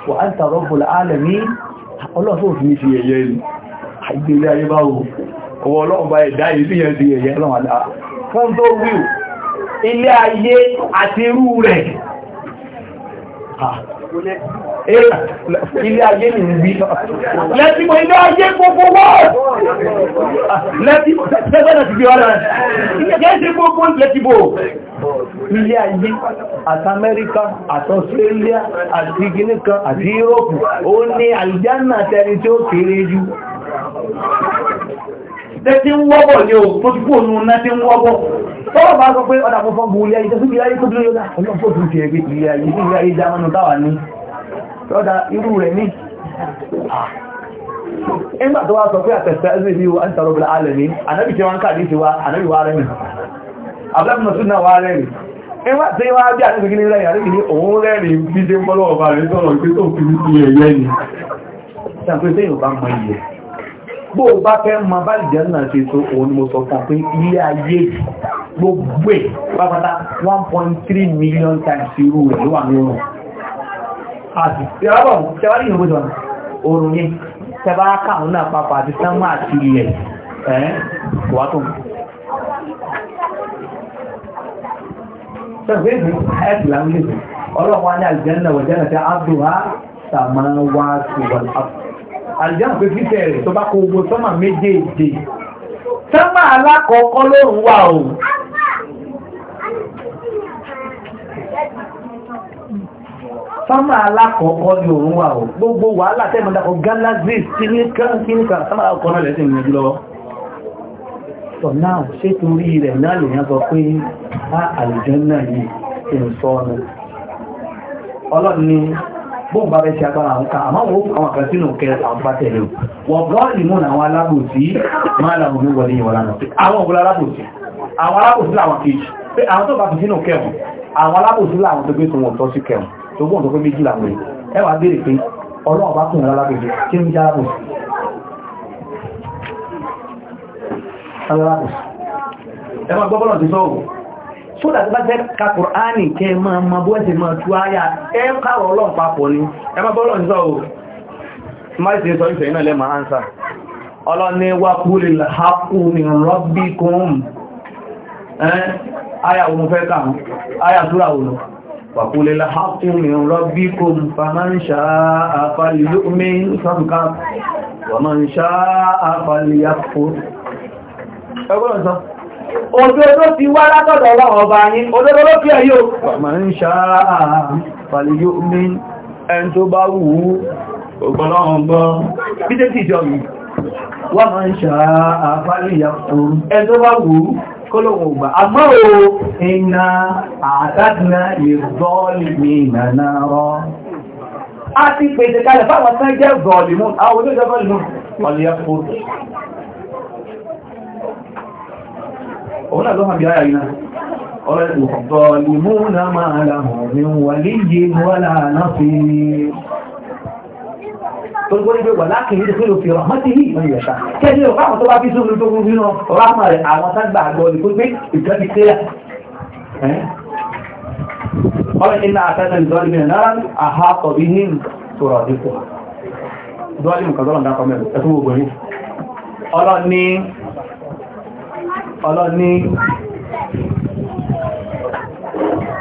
wà á ń tàrọ́ bọ̀lá alẹ̀ ní ọlọ́sọ̀ òfin ọwọ́ ọlọ́run bá ẹ̀dá ìsìyàn ti ẹ̀yẹ ọlọ́run àdá fún tó wíù ilé ayé àti irú rẹ̀ ilé ayé ní ibi lẹ́tìmọ̀ ilé ayé gbogbo wọ́n lẹ́tìmọ̀ lẹ́tìmọ̀ ilé ayé àti amẹ́ríkà àti australia àti gíníkà àti yúrópù ó ní àlìjánà tẹni tí ó kéré jù tí ń wọ́bọ̀ ní ohun tó ti kú òun náà tí ń wọ́bọ̀ tọ́wọ́ bá sọ pé ọ̀dà fọ́fọ́ bu ilé ayé tó bí ayé tó bí yóò lọ́pọ̀ tó ti ẹgbẹ́ ilé ayé tí ilé ayé já mọ́nu táwà ní tọ́dà irú rẹ̀ ní ẹgbà tó wá sọ pé àtẹ̀sẹ̀ ẹgbẹ́ bí wọ́n tọrọ bla alẹ́ ní anábì tí wọ́n kàdé ti wá anábì wá rẹ̀ abúlábùmọ̀súnà wá rẹ̀ ẹgbà tí wọ́n bí bí dé mọ́lọ́wọ́ bá bó o bá fẹ́ mọ bá àlìjẹ́nà ṣe so òun ni mo sọ fún ọ pé ilé ayé gbogbo ẹ̀ pápátá one point three million times irú rẹ̀ ló wà ní oòrùn àti ìrábọ̀ tẹwàá nínú gbọ́dọ̀ oòrùn yẹn tẹwàá káwọn náà papọ̀ àti sánmà àti ilẹ̀ ẹ̀ kò wá tó tẹ̀síwèsì ẹ̀sì làwọn ilé ọlọ́wọ́ ní àlìjẹ́nà wọ̀jẹ́nà tẹ àbdùhá sàmáwá sí wọ̀lọ́pù àlìjáàmù pé fífẹ́ rẹ̀ tó bá kó gbogbo sọ́mà méjèèjì sọ́mà alákọ̀ọ́kọ́ lóòrùn wà o sọ́mà alákọ̀ọ́kọ́ ní òun wà o gbogbo wàhálà tẹ́mọ̀dàkọ̀ galaxy kiri kan kiri kan sọ́mà alákọ̀ọ́kọ́ náà lẹ́sìn ìrìnàjò lọ́wọ́ sọ náà ṣé torí rẹ̀ náà lè yán sọ pé á àlìjọ́ náà yìí ń sọ ọ́nà bóun bá fẹ́ ṣe agbára àwọn ká àmọ́ wọ́n àwọn kan sínú kẹ àwọn bá tẹ̀lé o wọ́n gọ́ọ̀lì mú àwọn alábòsí máa làwọn omi wọlé ìwọ̀lá náà àwọn òbúra alábòsí àwọn alábòsí làwọn kejì pé àwọn tó bá fi sínú kẹwọn àwọn alábòsí làwọn tó gbé tó wọn tọ́ sí kẹwọn tó gbọ́n tó pé so that bá jẹ́ ka kùránì kẹ máa ma bó ẹ̀sẹ̀ máa tú ayá ẹ ń káwọ̀ ọlọ́n papọ̀ ni ẹ máa bọ́ọ̀lọ́ ní sọ́wọ́ máa sì sọ ìfẹ̀ iná lẹ́mà ánsà ọlọ́ni wà kúlì láàkú mi rọ́bí kún ayá òun fẹ́ kàn ayá túra òun wà kúlì láàkú mi rọ́bí kún ẹgbọ́n sọ́nkà òdodo ti wá látọ̀dọ̀ ọlọ́run ọba yín òdodo ló kí ẹ̀yọ́ man sha'a falyu'min ẹni tó bá wù ú ògbọ́lọ́run gbọ́ bí tẹ́ ti jọ mi wọ́n man sha'a falyakfur ẹni tó bá wù ú kọ́lọ̀wọ̀n ògbà. Àmọ́ iná àtàdínà ìrọ̀lì A ti pèsè kalẹ̀ fáwọn tán gọ̀ọ̀lì mú, àwọn olóòjọ́ gọ̀ọ̀lì mú, ọ̀lẹ́yà fòrò. ọ̀nà ló hàn bí ayà iná ọ̀rẹ́ ìfọ̀lìmúnà máa làmọ̀ ní wàlíyé wọ́lá náà fi tó gbórí pé wà láàkì ní ìpínlẹ̀ òfin ọ̀rọ̀ mọ́tí yìí wọ́n yẹ̀ta kẹ́lí ọ̀pá àwọn tó bá bí sóhun tó gbórí náà ọ̀rọ̀ àmà rẹ̀ àwọn ságbà àgbọ̀ ní kó gbé ìjọbi sílẹ̀ ọ̀rẹ́ iná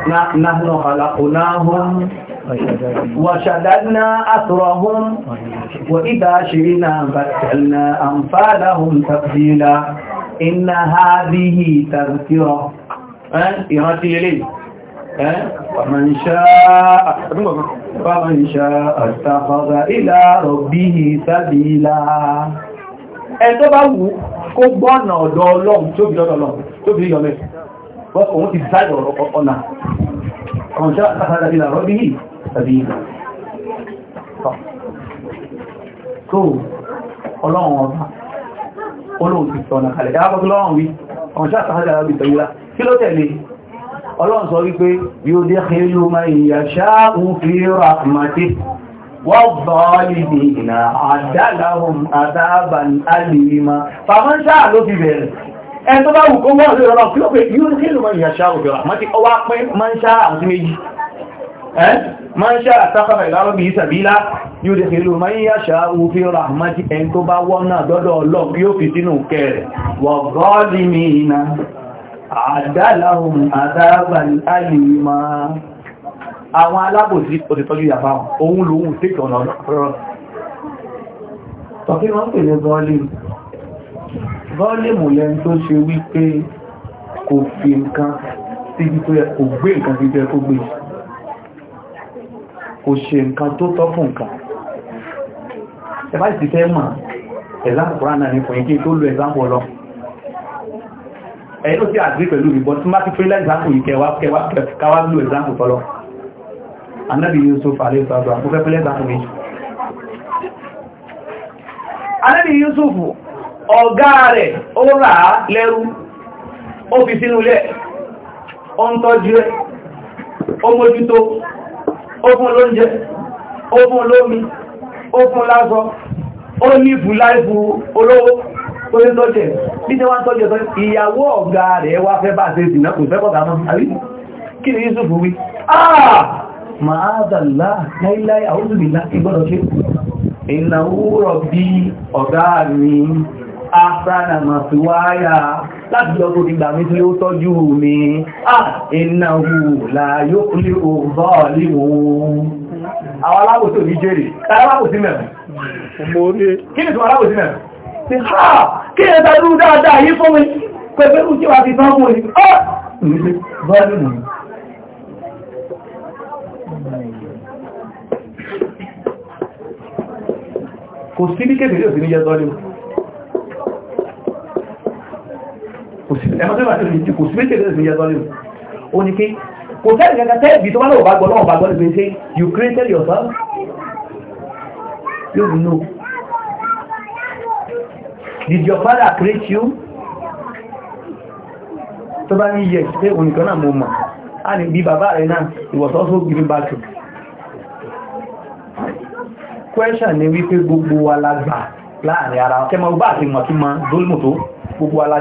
نحن خلقناهم وشددنا أثرهم وإذا شئنا بدلنا أنفالهم تبديلا إن هذه تذكرة إراتي لي فمن شاء فمن شاء اتخذ إلى ربه سبيلا ẹni tó bá wù kó gbọ́nà ọ̀dọ̀ ọlọ́run tó bí ọ̀dọ̀ ọlọ́run tó bí yọmẹ́ òun ti decide ọ̀rọ̀ ọ̀nà kọ̀ǹṣá àtàkì ìlàrọ̀ bí i tàbí tó ọlọ́run ọba olóhun ti sọ̀nà kalẹ̀ dáàbọ̀tí lọ́rùn wí kọ̀ǹṣá àtàkì ìlàrọ̀ bí i tàbí kí ló tẹ̀lé ọlọ́run sọ wípé yóò dé والظالمين أعد لهم عذابا أليما فمن شاء له في بيره ẹn tó bá wù kó wọ́n lórí ọlọ́pù ló pé yíò ní kílùmọ̀ ìyàṣà òbí ọ̀rọ̀ ọwá pín máa ń ṣá àti méjì àwọn alábòsí ó ti tọ́jú ìyàbá òun lòun tèkì ọ̀nà ọ̀rọ̀ tọ́kí wọ́n pè ní gọ́ọ̀lìmù gọ́ọ̀lìmù yẹn tó ṣe wípé kò fi nǹkan síbi tó yẹ kò gbé nǹkan síbi tó yẹ kó gbé kò ṣe nǹkan tó tọ́ fún nǹkan ẹbá ìsì fẹ́ mọ̀ ẹ̀láàpùrá náà ní fòyìn kí tó lo ẹ̀záàpù ọlọ́ ẹ̀yìn ló sí àgbé pẹ̀lú ìbọn tí má ti fẹ́ lẹ́gbàápù yìí kẹwàá lo ẹ̀záàpù tọ́lọ́ anábì Yusuf alẹ́sàdọ̀ àkúfẹ́fẹ́lẹ́ta fún méjì anábì Yusuf ọ̀gá rẹ̀ ó rà á lẹ́rú ó fi sínú ilé ó ń tọ́jú ẹ̀ ó mójútó ó fún lóúnjẹ ó fún lómi ó fún láṣọ ó ní ìfù láìfù olówó tó ní tọ́jẹ̀ Yusuf ma'ádàlá láíláí àwúzùbí láti gbọ́dọ̀ ṣe ìnáwó rọ̀bí ọ̀gá mi àfrànà màfi wáyà láti lọ tó ti gbà mí tí ó tọ́jú mi ìnáwó ah, láyó ní ọgbọ́ líwò àwọn aláwòsí òní jèrè aláwòsí mẹ́rin kí ni tó aláwòsí mẹ́rin ah, kí ni tó dáadáa yí fún mi pẹ̀lú kò sí ní kébìrì òsì ní jẹ́ tọ́lú ó ní pé kò tẹ́lì gẹ́gẹ́ tẹ́lì tó wá lọ́wọ́ bá gbọ́ lọ́wọ́ bá gbọ́ lè pé you created yourself you will know did your father create you tó bá ní yẹ pé ònìkan náà mo mọ̀ a ní bí bàbá rẹ̀ náà ìwọ̀sọ́sọ́ giving back to kwẹ́ṣà ni wípé gbogbo wa la gbà láàrin ara kẹmọ gbà àti mọ̀kímọ̀ dólmù tó gbogbo wa la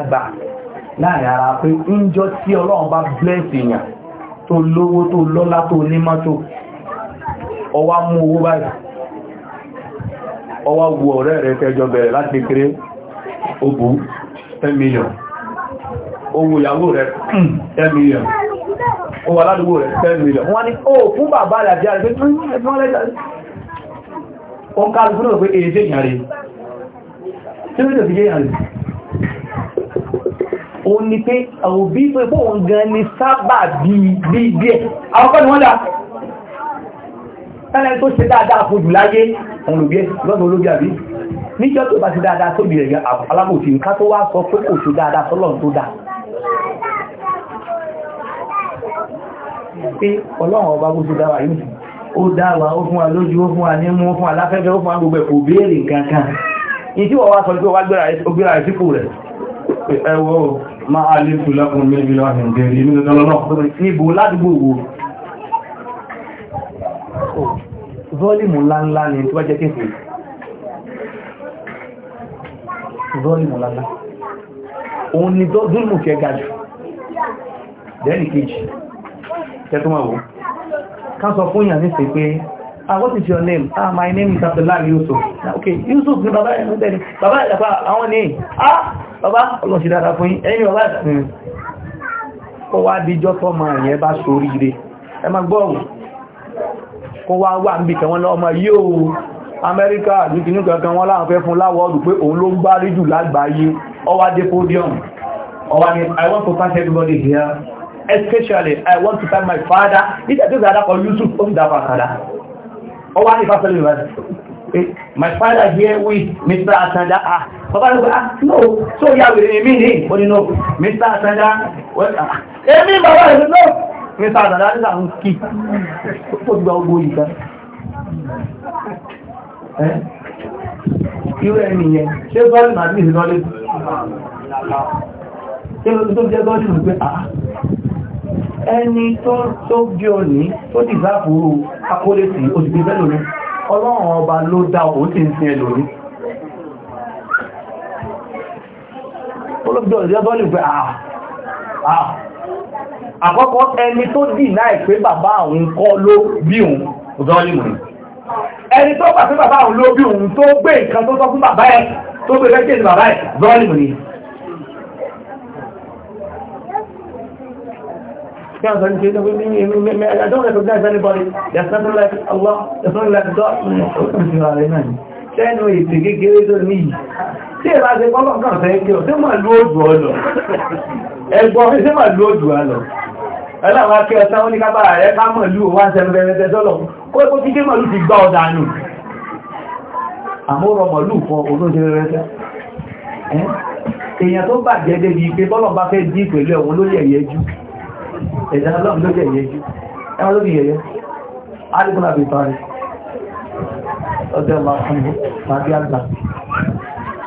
láàrin ara pé ń jọ tí ọlọ́run bá bless èèyàn tó lówó tó lọ́lá tó onímọ́tò ọwá mú owó báyìí ọwá wu ọ̀rẹ́ rẹ̀ fẹjọ bẹ̀rẹ̀ láti kéré obù 10 million owó ìyàwó rẹ̀ 10 hmm, million owó aládùúgbò rẹ̀ 10 million wọ́n ni ó oh, fún bàbá rẹ̀ àti àrẹ̀ wọ́n ká lùfún náà pé èyí jẹ́ ìyàrí tí ó jẹ́ ìyàrí ìyàrí o ní pé òbí pé fóun gan ni sábà bí bí ẹ̀ àwọn kọ́ ni wọ́n dá ẹlẹ́ni tó ṣe dáadáa fojú láyé olùgbé lọ́nà olóbi àbí níjọ́ tó bá ṣe dáadáa tó bí ẹ̀gẹ́ alábòtí ká tó wá sọ pé kò ṣe dáadáa sọ́lọ́n tó dáa pé ó dáwà ó fún wa lójú ó fún wa nímú ó fún wa láfẹ́fẹ́ ó fún wa gbogbo ẹ̀kọ́ béèrè kankan ìtí wọ́n wá sọ pé wá gbéra rẹ̀ sípò rẹ̀ ẹwọ́ máa lè kù lọ́kùnrin mẹ́rin lọ́hìn gẹ̀rẹ̀ nínú lọ́lọ́lọ́ níbo ládùúgbò wo zọ́límù ńláńlá ni tó jẹ́ kéfèé zọ́límù ńláńlá òun ni zọ́límù kẹ gajù lẹ́nì kejì tẹ́tùmọ̀wó ká sọ fún yàn nífẹ̀ẹ́ pé ah what is your name ah my name is Abdullahi Yusuf ah, okay Yusuf ni bàbá ẹ̀nà tẹ́lẹ̀ bàbá ìdàpá àwọn ní ah bàbá ọlọ́sí dára fún ẹ̀yìn bàbá ìdàpá hmm. kó wá díjọ́ tọ́ ma yẹn bá sórí ire ẹ ma gbọ́ọ̀wù kó wá wà níbi kan wọn lọ ọmọ yìí Amẹ́ríkà ní kankan wọn láwọn fẹ́ fún láwọ́ọ̀dù pé òun ló gbárí jù lágbàáyé ọwá dé pódíọ̀mù ọwá ni I want to thank everybody here especially I want to thank my father nígbà tí ó dáadáa kan Yusuf ó fi dá fàkàdá ó wá ní my father here with Mr. Asanda. ah bàbá ah no so yà wèrè èmi ní ó you know, Mr. Atanda ah, èmi bàbá Baba? no Mr. Atanda nígbà ń kí ó gba ogbó yìí kan irú ẹni yẹn ṣé bọ́ọ̀lù màdí ìsinmi ọlẹ́sìn kí ló tó jẹ́ bọ́ọ̀lù pé ah ẹni tó bí ọ ní tó dìzáàbúrú akólésì òsìgbé bẹ́lò ní ọlọ́run ọba ló dá òun tí ń sin ẹlò ní olóògbé ọ̀dẹ́ bọ́lù pé ah, ah. àkọ́kọ́ ẹni tó dì náà pé bàbá òun kọ́ ló bí òun ọ̀dọ́lìmù ẹni tó gbà pé bàbá òun ló bí òun tó gbé nǹkan tó sọ fún bàbá ẹ̀ tó gbé rẹ́kẹ̀ẹ́ bàbá ẹ̀ ọ̀dọ́lìmù ni Sometimes you know, I don't recognize anybody. There's nothing like Allah. There's nothing like God. Then we think it gives to me. Tí ẹ̀rọ àti ẹgbọ́n náà kàn sẹ́yìn kí ọ, tí máa ló òjò ọ lọ. Ẹgbọ́n tí máa ló òjò ọ lọ. Ẹláwọ̀ akẹ́ ọ̀sán ó ní ká bára rẹ̀ ká mọ̀ lú òwá sẹ́mẹ̀rẹ̀ tẹ́lọ̀. Kó ẹkó tí dé mọ̀lú ti gbá ọ̀dà nù. Àmúrọ̀ mọ̀lú fún olóṣèlú rẹ̀ tẹ́ èèyàn tó bàjẹ́ débi pé bọ́lọ̀ bá fẹ́ dí pẹ̀lú ẹ̀dá ọlọ́run ló jẹ́ ìyẹjú ẹwọ́n ló bí yẹyẹ alìkúnlá bí parí ọjọ́ ọmọ ọmọ tàbí àgbà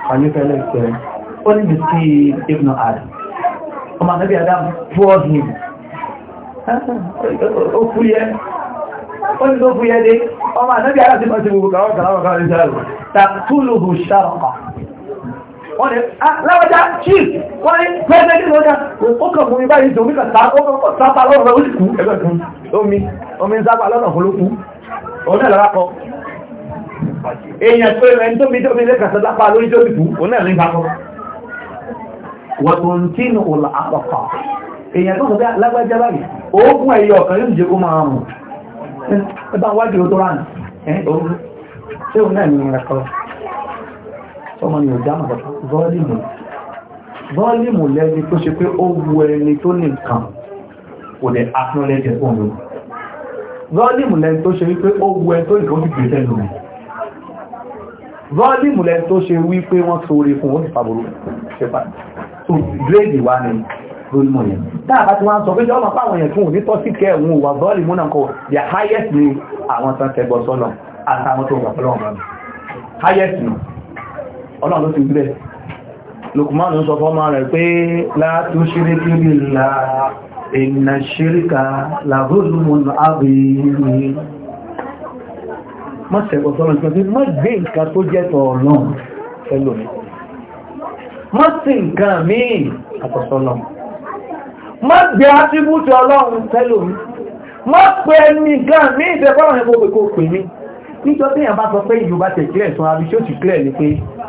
pànífẹ́lẹ̀ ìpẹ̀rẹ̀ ó ní bìtí ibùnà àdì ọmọ àtàbí adam fúọ́d ní ó fúyẹ́ ó ní tó fúyẹ́ dé ọmọ àtàbí adam ti mọ́ sí gbogbo kàwọ́ kàwọ́ kàwọ́ wọ́n ní ah, láwọ́já chief wọ́n ní pẹ́ẹ́sẹ́ kí lọ́jà ó kàn fún mi báyìí tó mi kàn sá ó kàn sápá lọ́rọ̀ ó sì kú ẹgbẹ́ kan omi omi ń sápá lọ́nà fún ló kú òun náà lára kọ èèyàn pé ẹni tó mi tó mi lè kàn sápá lórí tó ti kú òun náà ní kakọ wọ́n tó ń tí ní òlà àpapọ̀ èèyàn tó sọ pé lágbájá báyìí oògùn ẹ̀yọ ọ̀kan yóò jẹ́ kó máa mọ̀ ẹ bá wájú tó rà ní ẹ̀ òun tí òun náà ní ẹ̀kọ́ tọ́mọ ni ò dáhùn bàtà vọ́ọ̀lìmù vọ́ọ̀lìmù lẹ́ni tó ṣe pé ó wu ẹni tó ní nǹkan kò lè acknowledge fún mi vọ́ọ̀lìmù lẹ́ni tó ṣe wípé ó wu ẹni tó ní nǹkan ó sì gbé sẹ́nu mi vọ́ọ̀lìmù lẹ́ni tó ṣe wípé wọ́n sóore fún ó sì fàbùrù ṣe pàtàkì tó gírèdì wá ni lórímọ̀ yẹn. Dáàbá tí wọ́n sọ pé jọ́mọ̀ páwọn èèyàn fún òní tọ́ sí kẹ́ òun wà bọ́ọ̀lì múnà kọ, the highest ni àwọn tán tẹgbọ́ sọ́nà àtàwọn Highest ni ọlọ́run ló ti gbílẹ̀ Lukman sọ fọ́mọ rẹ̀ pé látún ṣírí kí bí la ìnà ṣíríkà làbúrúmùn àbìrí má sẹ́gbọ̀ sọ́rọ̀ ìpínlẹ̀ pé má gbé nǹkan tó jẹ́ tọ̀ọ̀lọ́n pẹ̀lú mi má sí nǹkan míì àtọ̀sọ́lọ́n má gbé átíbútì ọlọ́run pẹ̀lú mi má pẹ́ nìkan míì tẹ́fọ́rọ̀ ẹgbẹ́ òpèkó pè mí nítorí àbá sọ pé Yorùbá tẹ̀ kílẹ̀ sọ àbíṣó ti kílẹ̀ ni pé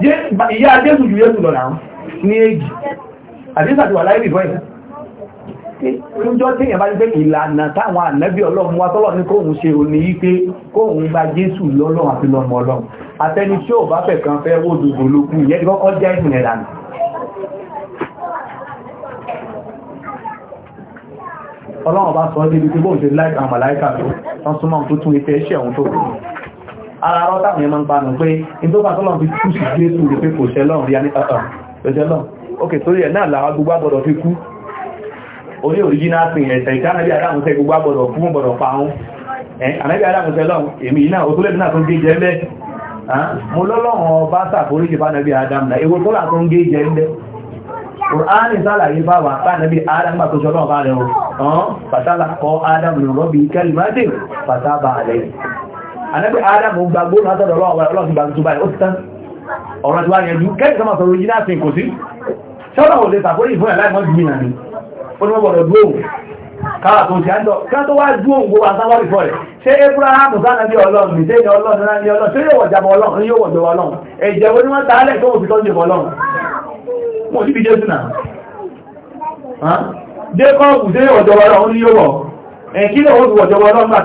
ìyá adéṣù ju yéṣù lọ́nà àwọn ní èjì àdéṣù àti wà láyé bìbọ́ ẹ̀ níjọ́ tí èyàn bá ní pé ìlànà táwọn ànábì ọlọ́run wá tọ́lọ̀ ní kóhun ṣe òní wípé kóhun gba jésù lọ́lọ́run àti lọ́mọ ọlọ́run àtẹni tí ò bá fẹ́ kan fẹ́ wó dòdò lókù ìyẹn ti kọ́kọ́ jẹ́ ìsìn ẹ̀dànà ọlọ́run bá sọ débi pé bóun ṣe láìka àmàláìka tó tán súnmọ́ tó tún ife ẹṣẹ́ òun tó kù ara rọ́ táwọn ẹmọ́ ń pa nù pé in tó bá tọ́lọ̀ fi kú sí jésù rẹ̀ pé kò sẹ́lọ́n rí a ní ọ̀tọ̀ ah, ìṣẹ́lọ́n ah, ok torí ẹ̀ náà làwọn gbogbo agbọ́dọ̀ fi kú orí original sin ẹ̀sẹ̀ ìdánábí adáhùnsẹ́ gbogbo agbọ́dọ̀ fún gbọ́dọ̀ paun ànábí adáhùnsẹ́ lọ́n èmi iná òtólẹ́bí náà tó ń gé jẹ́ ńlẹ́ mo lọ́lọ́run ọba sàforíṣẹ́ bá nàbí adam náà èwo tó là tó ń gé jẹ́ ńlẹ́ Kùránì sálàyé bá wà bá nàbí Adam bá tó ṣọ́lọ́ ọ̀bá rẹ̀ ọ̀hán pàtàlá kọ́ Adam lè rọ́bì kẹlìmọ́dé pàtàbà rẹ̀ ànábì Ádámù gbàgbó látọ̀dọ̀ ọlọ́run gbàgbó tó báyìí ó ti tán ọ̀rọ̀ tí wá yẹnjú kẹ́kẹ́ sọmọ sọ̀rọ̀ yìí láti kò sí ṣọ́nà ò lè tàkórí fún ẹ̀láìmọ́ jù mìíràn ni ó ní wọ́n gbọ́dọ̀ dúró kára tó ti àjọ ká tó wá dúró gbogbo àtàwárí fọ́ rẹ̀ ṣé Abraham sáà ní ọlọ́run ìdé ní ọlọ́run náà ní ọlọ́run ṣé yóò wọ̀jàbọ̀ ọlọ́run yóò wọ̀jọ̀ ọlọ́run ẹ̀jẹ̀ wo ni wọ́n ta alẹ́ tó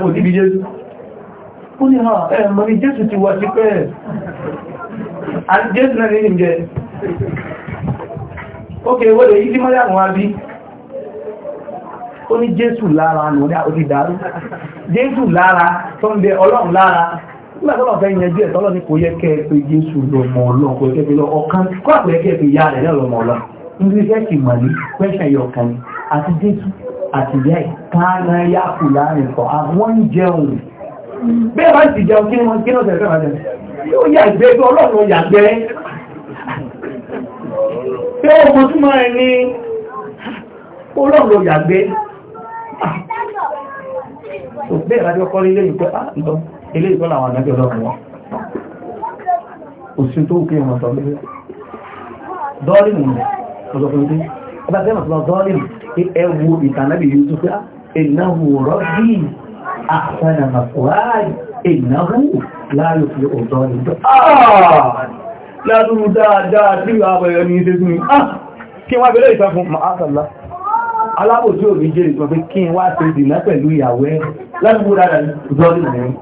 wọ́n fi ó ní ha ẹ̀mọ̀ ni jésù ti wà sí pẹ́ ẹ̀ àti jésù náà ní ìjẹ́ ókè wọ́lẹ̀ yìí tí mọ́lẹ̀ àwọn abí ó ní jésù lára nù ní àwọn ìdárú jésù lára tó ń bẹ ọlọ́run lára nígbàtọ́lọ̀ fẹ́ yẹn díẹ̀ tọ́lọ́ ní kò yẹ kẹ́ pé jésù lọ àti jésù àti bẹ́ẹ̀ bá ti jẹun kí ni wọ́n kí náà tẹ̀lé fẹ́ràn jẹ yóò yàgbẹ́ bí ọlọ́run yàgbẹ́ pé ọmọ tó máa ní ọlọ́run yàgbẹ́ tó bẹ́ẹ̀ rájọ́ kọ́ ilé ìpẹ́ àìlọ́ ilé ìpẹ́ làwọn àdájọ́ ọlọ́run wọn òsì tó kí wọn sọ lórí dọ́ọ̀lìmù ọ̀sọ̀ fún mi ọba tẹ́lọ̀ tó lọ dọ́ọ̀lìmù ẹwù ìtànẹ́bì yóò tó pé ẹ̀nà wòrọ́ bíi أحسن مثواي إنه لا يفلئ الظالم ládúrú dáadáa tí àwọn ẹ̀rọ ní ṣe gún kí wá bẹ̀rẹ̀ ما fún الله؟ alábò tí ò ní jẹ́ ìtọ́ pé kí wá ṣe dìnà pẹ̀lú ìyàwó ẹ̀ ládúrú dáadáa zọ́lì mẹ́rin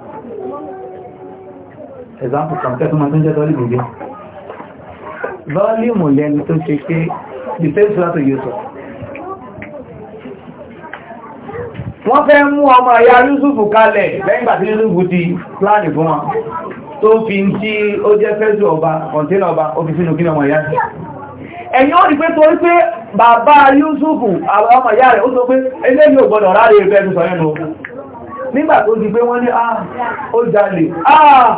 ẹ̀zámpù kàmkẹ́ tó máa tó jẹ́ zọ́lì mẹ́rin zọ́lì mọ̀ lẹ́ni tó ṣe pé wọ́n fẹ́ mú ọmọ ìyá Yúsùfù kalẹ̀ lẹ́yìnbà tí Yúsùfù ti pláàni fún wọn tó fi ń tí ó jẹ́ fẹ́sù ọba kọ̀ntínà ọba ó fi sínú kí ọmọ ìyá ẹ̀yìn ó rí pé torí pé bàbá Yúsùfù àwọn ọmọ ìyá rẹ̀ ó sọ pé eléyìí ò gbọdọ̀ ráre fẹ́sù sọ ẹnu nígbà tó di pé wọ́n ní ah ó jalè ah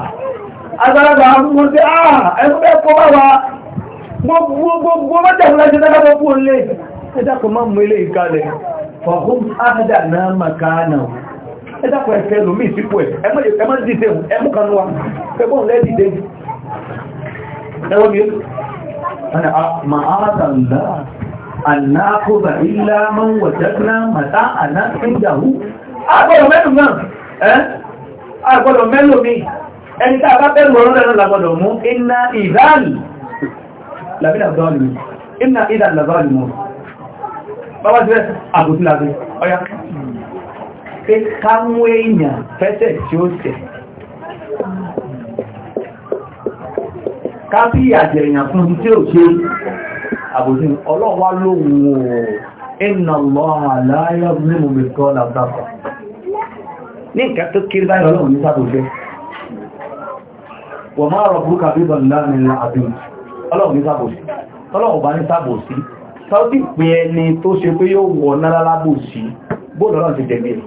agbára àmúmọ́ sí ah ẹgbẹ́ kọ́ bá wa gbogbo mọ́tẹ̀kùnlá ṣe dákọ́ fún olè ẹ̀dàkọ̀ má mú ilé ìkalẹ̀ fọ̀hún áhàdà náà makánà ẹ́dàpọ̀ ẹ̀fẹ́ lómi ìsìnkú ẹ̀ ẹmọ́ dìtẹ̀ ẹmú kanú wa pẹ̀bọ́n lẹ́dìdẹ̀ ẹwọ́n mi ọ̀nà ma'áàtàlá annákóbà ilá mọ́n wọ̀tẹ́gbọ́n màtá àná ìjàhú bàbá ti rẹ̀ àbòsí làbí ọya pé ká mú èèyàn fẹ́sẹ̀ tí ó tẹ̀ ká bí àjẹ̀ èèyàn fún ti tí ó ṣe àbòsí ọlọ́wà lóhun o iná lọ àláyà ní mo bè kọ́ làbáfà ní nǹkan tó kéré báyìí ọlọ́run ní sábòjẹ́ wọ̀n máa rọ̀ búrúkà bíbọn láàrin àbí ọlọ́run ní sábòsí ọlọ́run sáúdì pé ẹni tó ṣe pé yóò wọ nára lábò sí bóòdọ́ náà ti dẹ̀gbẹ̀ e.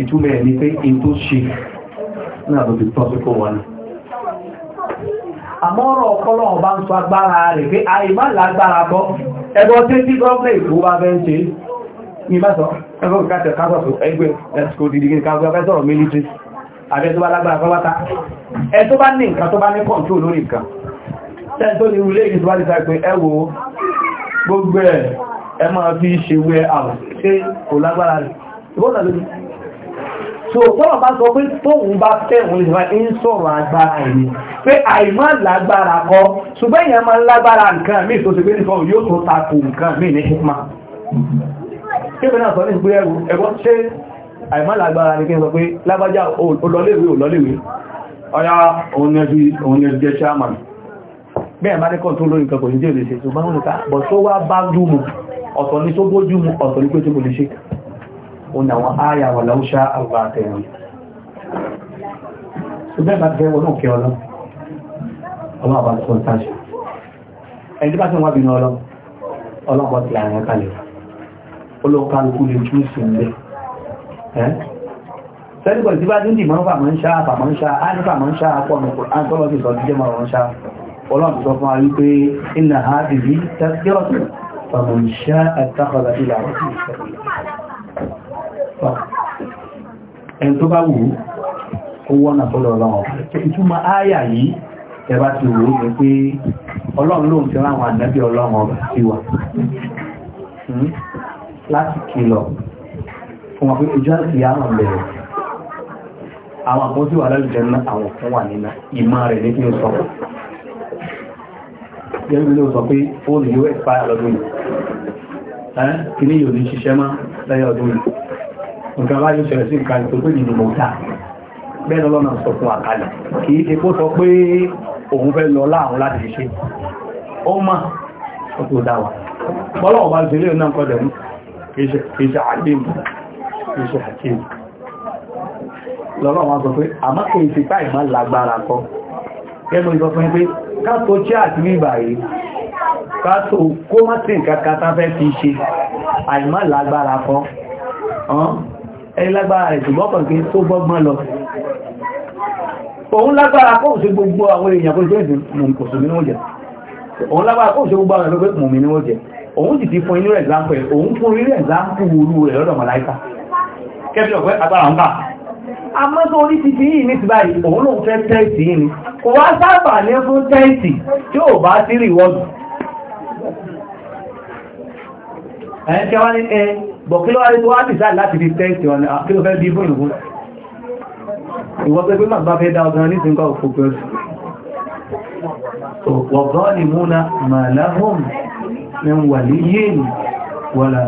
ìtumẹ̀ ní pé in tó ṣe náà ló ti tọ́sí kó wọ́n àmọ́rọ̀ ọ̀pọ̀lọ̀ ọba ń sọ agbára rẹ̀ pé àìmá lágbára bọ́ ẹgbọ́ tí tí gọ́ọ̀mẹ̀ ìgbó bá bẹ́ ń ṣe ní bá sọ ẹgbọ́ ìkàtẹ̀ káàkọ̀ ẹgbẹ́ ẹ̀sùkò dìdìgì káàkọ̀ fẹ́ sọ̀rọ̀ mílítírì àbẹ́ tó bá lágbára pọ́pátá ẹ tó bá ní nǹkan tó bá ní kọ̀ǹtó lórí nǹkan tẹ́ntó ní ilé ìgbà títà pé ẹwò gbogbo ẹ̀ ẹ máa fi ṣe wẹ́ àwọn ṣe kò lágbára rẹ̀ ìbọ́nà lórí so tọ́nà bá sọ pé tóun bá fẹ́ òun ìṣẹ́fà ń sọ̀rọ̀ agbára ẹ̀mí pé àìmọ́ lágbára kọ́ ṣùgbọ́n èèyàn máa ń lágbára nǹkan míì tó ṣe pé nìkan yóò tó takò nǹkan míì ní hikma kébẹ̀ náà sọ ní ìpínlẹ̀ ẹ̀gbọ́n ṣe àìmọ́ lágbára ní kí sọ pé lágbájá olọ́léwé olọ́léwé ọya òun ẹ̀jẹ̀ chairman bẹ́ẹ̀ bá lẹ́kọ̀ọ́ tó lórí nǹkan kò ní jẹ́ olèṣe tó bá ń nìka bọ̀ tó wá bá dúmù ọ̀tọ̀ ní tó bójú mu ọ̀tọ̀ ní pé tó olèṣe òun àwọn àyà wà láúṣá àwọn àtẹ̀wọ̀n tó bẹ́ẹ̀ bá fẹ́ wọnú kẹ ọlọ́ ọlọ́ àbá tó ń tàṣà ẹni tí bá tí wọ́n bínú ọlọ́ ọlọ́pọ̀ ti láàrin kalẹ̀ olókàlùkù lè tún sí ilé sẹ́nìkọ̀ tí bá dín dì mọ́ fàmọ́ ń ṣá àpàmọ́ ń ṣá á ní ọlọ́run sọ fún ayé pé iná ha ìrí tẹ́kẹ́rọ̀tù fàmọ̀ṣẹ́ ẹ̀tàkọ̀lá ilẹ̀ àwọn ẹni tó bá wù ó wọ́nà fọ́lọ̀ ọlọ́run ìtumọ̀ áyà yìí ẹ̀bá ti wò ó ní pé ọlọ́run lóun ti ráwọn ànábì ọlọ́run ọba sí wa hmm? láti kìlọ̀ fún wọn pé ojú àti àwọn bẹ̀rẹ̀ àwọn kan sì wà lálùjẹ́ náà àwọn kan wà nínú ìmọ̀ rẹ̀ ní kí ó sọ̀rọ̀ yẹ́rù ló sọ pé fóònù yóò expire lọ́dún yìí ẹ́ kí ní yóò ní ṣiṣẹ́ mọ́ lẹ́yìn ọdún yìí nǹkan bá yóò ṣẹlẹ̀ sí nǹkan tó pé nínú mọ́ta bẹ́ẹ̀ lọ́nà sọ fún àkàlẹ̀ kì í ṣe kó sọ pé òun fẹ́ lọ láàrùn láti ṣiṣẹ́ ó mà ó tó dá wa bọ́lá ọba ìṣẹ̀lẹ̀ náà táì má lágbára kọ́ kẹ́gbọ́n ìsọ fún pé káàtò jẹ́ àti bíbà yìí káàtò kó má sí nǹkan tá fẹ́ fi ṣe àìmá lágbára kọ́ ẹni lágbára rẹ̀ ṣùgbọ́n kàn kí tó gbọ́gbọ́n lọ òun lágbára kó ṣe gbogbo àwọn èèyàn kó ṣe mùmí ní oúnjẹ òun lágbára kó ṣe gbogbo àwọn èèyàn kó mùmí ní oúnjẹ òun sì ti fún inú rẹ̀ láńpẹ̀ òun fún rí rẹ̀ láńpù orú rẹ̀ lọ́dọ̀ mọ̀láíkà kẹ́bí ọ̀pẹ́ agbára ń bà amọ́tò orí ti fi yìí ní ti báyìí òun lòun fẹ́ tẹ́ẹ̀tì yìí ni kò wá sábà ní fún tẹ́ẹ̀tì tí ò bá sí rìwọ́dù ẹ̀yẹn kí wá ní ẹ bọ̀ kí ló wá ní tó wá dìsáì láti fi tẹ́ẹ̀tì ọ̀nà kí ló fẹ́ bí fún ìwọ́n ìwọ́n pé pé màgbá fẹ́ dá ọ̀gán ní ìsìnká òfò pẹ̀lú wọ́la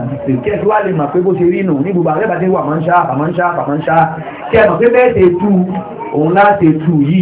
kẹ́ẹ̀sí wá lè mọ̀ pé bó ṣe rí nù ní gbogbo àrẹ́bà tí wà máa ń ṣá àmọ́ ń ṣá àmọ́ ń ṣá kẹ́ẹ̀mọ̀ pé bẹ́ẹ̀ ṣe tú òun láti tú yìí